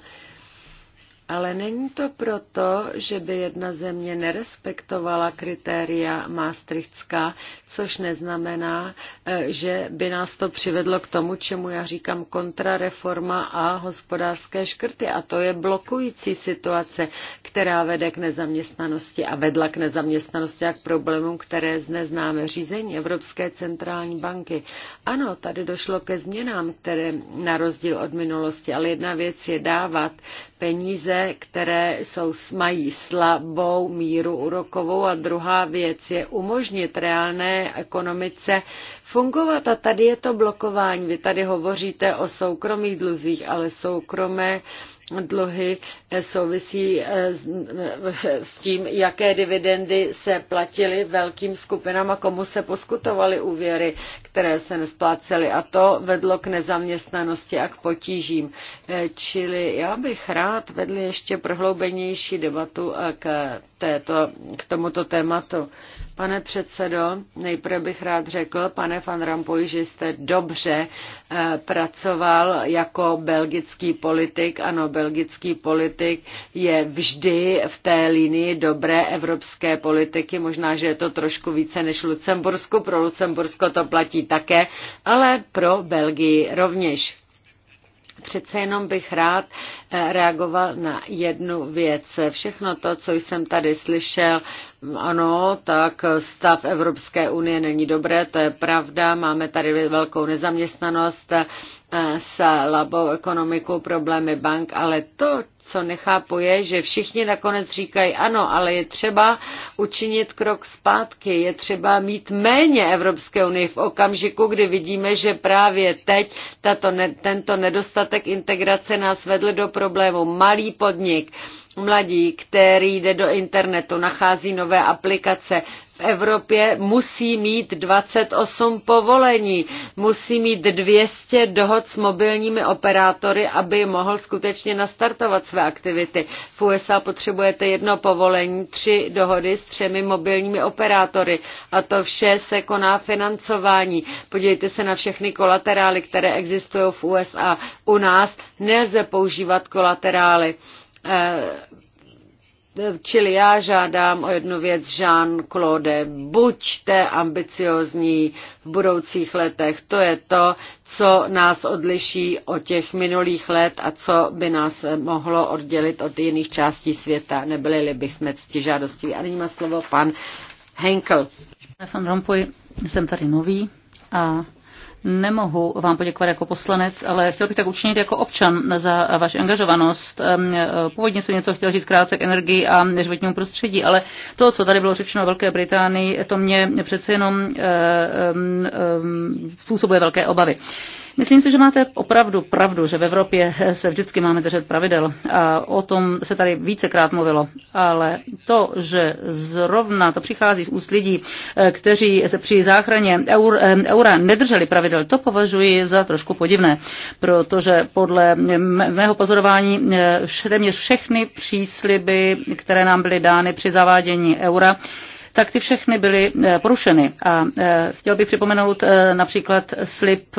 [SPEAKER 1] Ale není to proto, že by jedna země nerespektovala kritéria Maastrichtská, což neznamená, eh, že by nás to přivedlo k tomu, čemu já říkám kontrareforma a hospodářské škrty. A to je blokující situace, která vede k nezaměstnanosti a vedla k nezaměstnanosti a k problémům, které známe. Řízení Evropské centrální banky. Ano, tady došlo ke změnám, které na rozdíl od minulosti, ale jedna věc je dávat peníze peníze, které jsou, mají slabou míru úrokovou a druhá věc je umožnit reálné ekonomice fungovat a tady je to blokování. Vy tady hovoříte o soukromých dluzích, ale soukromé eh, dluhy eh, souvisí eh, eh, s tím, jaké dividendy se platily velkým skupinám a komu se poskutovaly úvěry, které se nesplácely. A to vedlo k nezaměstnanosti a k potížím. Čili já bych rád vedl ještě prohloubenější debatu k této, k tomuto tématu. Pane předsedo, nejprve bych rád řekl, pane Van Rampuy, že jste dobře eh, pracoval jako belgický politik. Ano, belgický politik je vždy v té linii dobré evropské politiky. Možná, že je to trošku více než Lucembursku. Pro Lucembursko to platí také, ale pro Belgii rovněž. Přece jenom bych rád eh, reagoval na jednu věc. Všechno to, co jsem tady slyšel, ano, tak stav Evropské unie není dobré, to je pravda, máme tady velkou nezaměstnanost, eh, slabou ekonomiku, problémy bank, ale to, co nechápu je, že všichni nakonec říkají ano, ale je třeba učinit krok zpátky, je třeba mít méně Evropské unie v okamžiku, kdy vidíme, že právě teď tato, tento nedostatek integrace nás vedl do problému. Malý podnik, mladí, který jde do internetu, nachází nové aplikace, v Evropě musí mít 28 povolení, musí mít 200 dohod s mobilními operátory, aby mohl skutečně nastartovat své aktivity. V USA potřebujete jedno povolení, tři dohody s třemi mobilními operátory a to vše se koná financování. Podívejte se na všechny kolaterály, které existují v USA. U nás nelze používat kolaterály eh, Čili já žádám o jednu věc, Jean-Claude, buďte ambiciozní v budoucích letech. To je to, co nás odliší od těch minulých let a co by nás mohlo oddělit od jiných částí světa.
[SPEAKER 2] Nebyli bychom ctižádostiví. A nyní má slovo pan Henkel. Pan Rompuy, jsem tady nový a nemohu vám poděkovat jako poslanec, ale chtěl bych tak učinit jako občan za vaši angažovanost. Původně jsem něco chtěl říct krátce k energii a životnímu prostředí, ale to, co tady bylo řečeno o Velké Británii, to mě přece jenom eh, způsobuje velké obavy. Myslím si, že máte opravdu pravdu, že v Evropě se vždycky máme držet pravidel. A o tom se tady vícekrát mluvilo. Ale to, že zrovna to přichází z úst lidí, eh, kteří se při záchraně eur, eh, eura nedrželi pravidel, to považuji za trošku podivné, protože podle mého pozorování eh, téměř všechny přísliby, které nám byly dány při zavádění eura, tak ty všechny byly eh, porušeny. A eh, chtěl bych připomenout eh, například slib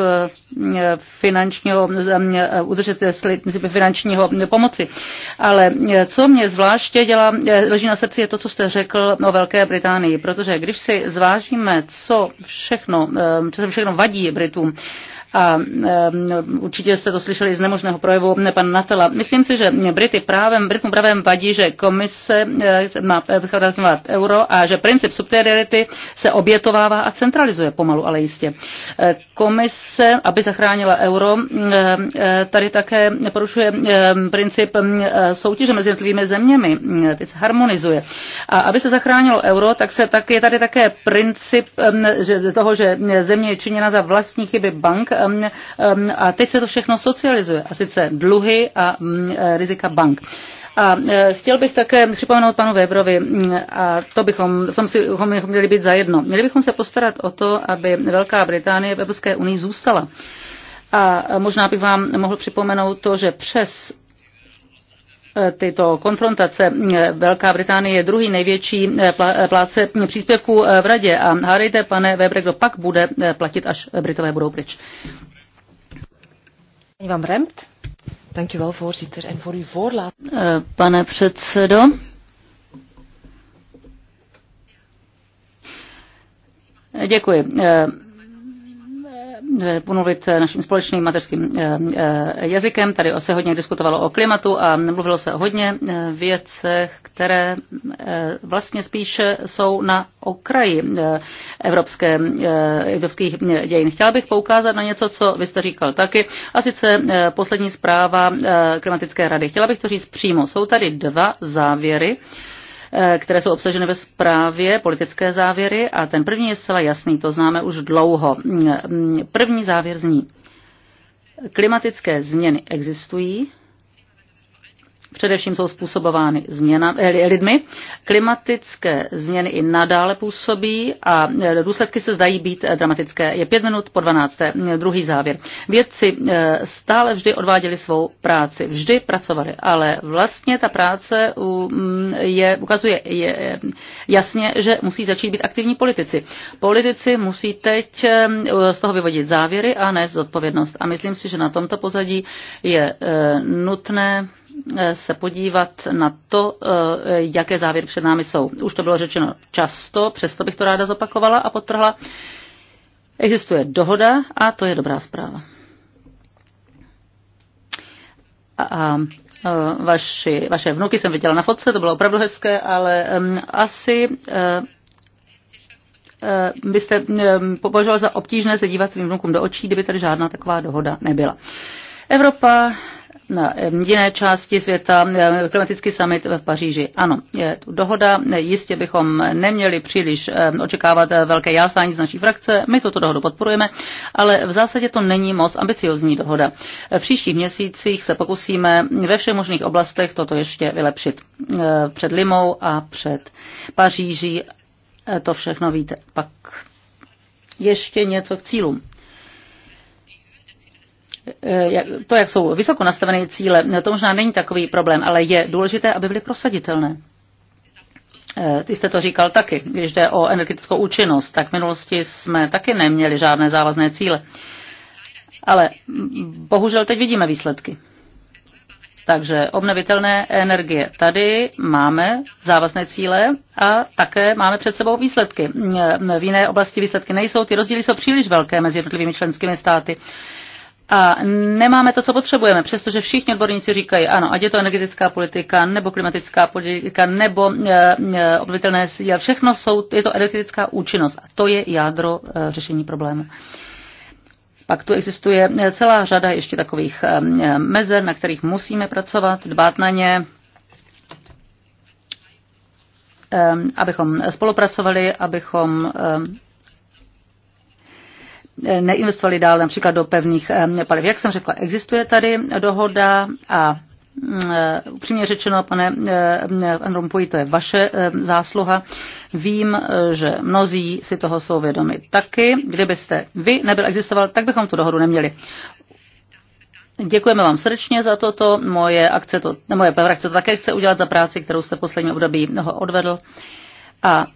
[SPEAKER 2] finančního, udržet slib finančního pomoci. Ale co mě zvláště dělá, leží na srdci, je to, co jste řekl o Velké Británii, protože když si zvážíme, co všechno, co všechno vadí Britům, a určitě jste to slyšeli z nemožného projevu pan Natela. Myslím si, že Brity právem, Britům právem vadí, že komise eh, má eh, vycházet euro a že princip subsidiarity se obětovává a centralizuje pomalu, ale jistě. Eh, komise, aby zachránila euro, tady také porušuje princip soutěže mezi jednotlivými zeměmi, mm, teď se harmonizuje. A aby se zachránilo euro, tak se tak je tady také princip že toho, že země je činěna za vlastní chyby bank Um, um, a teď se to všechno socializuje, a sice dluhy a mm, eh, rizika bank. A eh, chtěl bych také připomenout panu Weberovi, mm, a to bychom, v tom si měli být zajedno. Měli bychom se postarat o to, aby Velká Británie v Evropské unii zůstala. A eh, možná bych vám mohl připomenout to, že přes tyto konfrontace. Velká Británie je druhý největší eh, eh, pláce příspěvků eh, v radě a hádejte, pane Weber, kdo pak bude platit, až Britové budou pryč. Ivan Pane předsedo, Děkuji. Eh, mluvit naším společným mateřským eh, eh, jazykem. Tady se hodně diskutovalo o klimatu a mluvilo se o hodně věcech, které vlastně spíše jsou na okraji evropské, evropských dějin. Chtěla bych poukázat na něco, co vy jste říkal taky, a sice poslední zpráva klimatické rady. Chtěla bych to říct přímo. Jsou tady dva závěry Eh, které jsou obsaženy ve zprávě, politické závěry a ten první je zcela jasný, to známe už dlouho. Mm, mm, první závěr zní, klimatické změny existují, především jsou způsobovány změna, eh, lidmi. Klimatické změny i nadále působí a eh, důsledky se zdají být eh, dramatické. Je pět minut po 12. Druhý závěr. Vědci stále vždy odváděli svou práci, vždy pracovali, ale vlastně ta práce mm, je, ukazuje je, jasně, že musí začít být aktivní politici. Politici musí teď z toho vyvodit závěry a nést zodpovědnost. A myslím si, že na tomto pozadí je nutné Eh, se podívat na to, eh, jaké závěry před námi jsou. Už to bylo řečeno často, přesto bych to ráda zopakovala a potrhla. Existuje dohoda a to je dobrá zpráva. A eh, vaši, vaše vnuky jsem viděla na fotce, to bylo opravdu hezké, ale um, asi uh, uh, byste um, považovala za obtížné se dívat svým vnukům do očí, kdyby tady žádná taková dohoda nebyla. Evropa na eh, jiné části světa, eh, klimatický summit v Paříži. Ano, je tu dohoda, jistě bychom neměli příliš eh, očekávat velké jásání z naší frakce, my tuto dohodu podporujeme, ale v zásadě to není moc ambiciozní dohoda. V příštích měsících se pokusíme ve všech možných oblastech toto ještě vylepšit. Před Limou a před Paříží to všechno víte. Pak ještě něco k cílům. Eh, to, jak jsou vysoko nastavené cíle, eh, to možná není takový problém, ale je důležité, aby byly prosaditelné. Eh, ty jste to říkal taky, když jde o energetickou účinnost, tak v minulosti jsme taky neměli žádné závazné cíle. Ale bohužel teď vidíme výsledky. Takže obnovitelné energie. Tady máme závazné cíle a také máme před sebou výsledky. V jiné oblasti výsledky nejsou, ty rozdíly jsou příliš velké mezi jednotlivými členskými státy a nemáme to, co potřebujeme, přestože všichni odborníci říkají, ano, ať je to energetická politika, nebo klimatická politika, nebo e, e, obnovitelné síly, všechno jsou, je to energetická účinnost a to je jádro e, řešení problému. Pak tu existuje e, celá řada ještě takových e, e, mezer, na kterých musíme pracovat, dbát na ně, abychom spolupracovali, abychom Eh, neinvestovali dál například do pevných eh, paliv. Jak jsem řekla, existuje tady dohoda a mm, eh, upřímně řečeno, pane Van to je vaše zásluha. Vím, že mnozí si toho jsou vědomi taky. Kdybyste vy nebyl existoval, tak bychom tu dohodu neměli. Děkujeme vám srdečně za toto. Moje akce to, moje frakce to také chce udělat za práci, kterou jste poslední období odvedl. A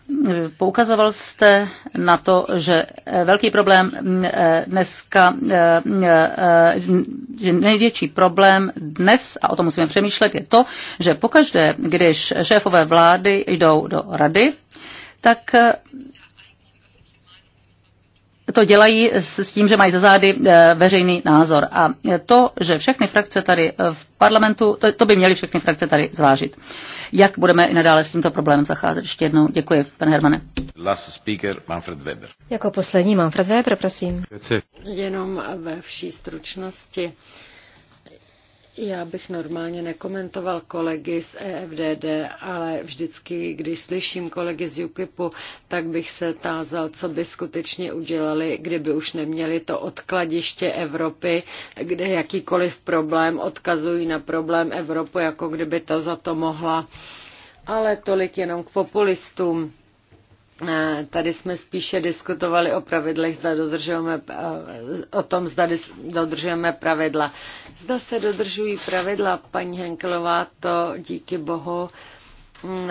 [SPEAKER 2] poukazoval jste na to, že eh, velký problém mm, eh, dneska, eh, že největší problém dnes, a o tom musíme přemýšlet, je to, že pokaždé, když šéfové vlády jdou do rady, tak to dělají s tím, že mají za zády eh, veřejný názor. A eh, to, že všechny frakce tady eh, v parlamentu, to, to by měly všechny frakce tady zvážit. Jak budeme i nadále s tímto problémem zacházet? Ještě jednou děkuji, pane Hermane.
[SPEAKER 3] Last speaker, Manfred Weber. Jako poslední Manfred Weber, prosím.
[SPEAKER 1] Jenom ve vší stručnosti. Já bych normálně nekomentoval kolegy z EFDD, ale vždycky, když slyším kolegy z UKIPu, tak bych se tázal, co by skutečně udělali, kdyby už neměli to odkladiště Evropy, kde jakýkoliv problém odkazují na problém Evropu, jako kdyby to za to mohla. Ale tolik jenom k populistům Eh, tady jsme spíše diskutovali o pravidlech, zda dodržujeme, eh, o tom, zda dodržujeme pravidla. Zda se dodržují pravidla, paní Henkelová, to díky bohu mm,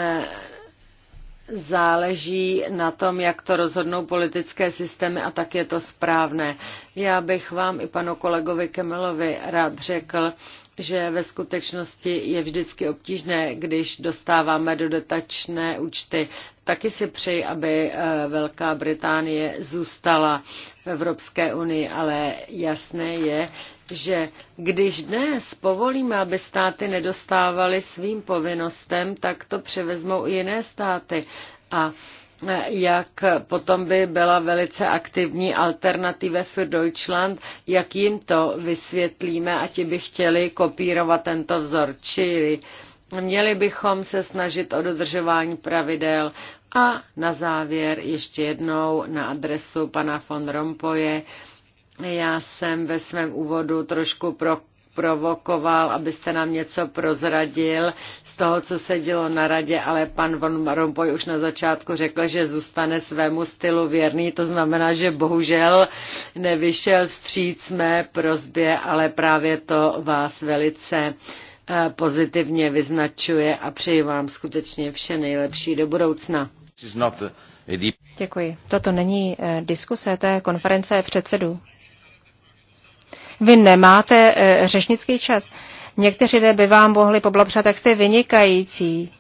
[SPEAKER 1] záleží na tom, jak to rozhodnou politické systémy a tak je to správné. Já bych vám i panu kolegovi Kemelovi rád řekl, že ve skutečnosti je vždycky obtížné, když dostáváme dodatečné účty. Taky si přeji, aby eh, Velká Británie zůstala v Evropské unii, ale jasné je, že když dnes povolíme, aby státy nedostávaly svým povinnostem, tak to převezmou i jiné státy. A jak potom by byla velice aktivní alternativa für Deutschland, jak jim to vysvětlíme a ti by chtěli kopírovat tento vzor. Čili měli bychom se snažit o dodržování pravidel a na závěr ještě jednou na adresu pana von Rompoje. Já jsem ve svém úvodu trošku pro provokoval, abyste nám něco prozradil z toho, co se dělo na radě, ale pan Von Rompuy už na začátku řekl, že zůstane svému stylu věrný, to znamená, že bohužel nevyšel vstříc mé prozbě, ale právě to vás velice eh, pozitivně vyznačuje a přeji vám skutečně vše nejlepší do budoucna.
[SPEAKER 3] Děkuji. Toto není eh, diskuse, to je konference předsedů. Vy nemáte e, řešnický čas. Někteří lidé by vám mohli poblapřát, jak jste vynikající.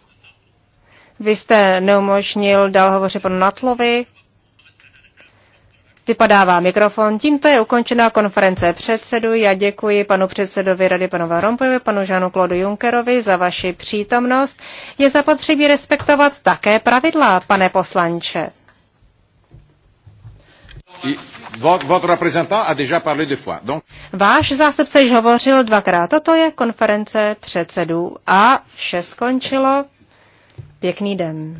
[SPEAKER 3] Vy jste neumožnil dal hovořit panu Natlovi. Vypadá vám mikrofon. Tímto je ukončená konference předsedu. Já děkuji panu předsedovi Rady panu Varompovi, panu Žanu Klodu Junkerovi za vaši přítomnost. Je zapotřebí respektovat také pravidla, pane poslanče. I... Váš zástupce již hovořil dvakrát. Toto je konference předsedů a vše skončilo. Pěkný den.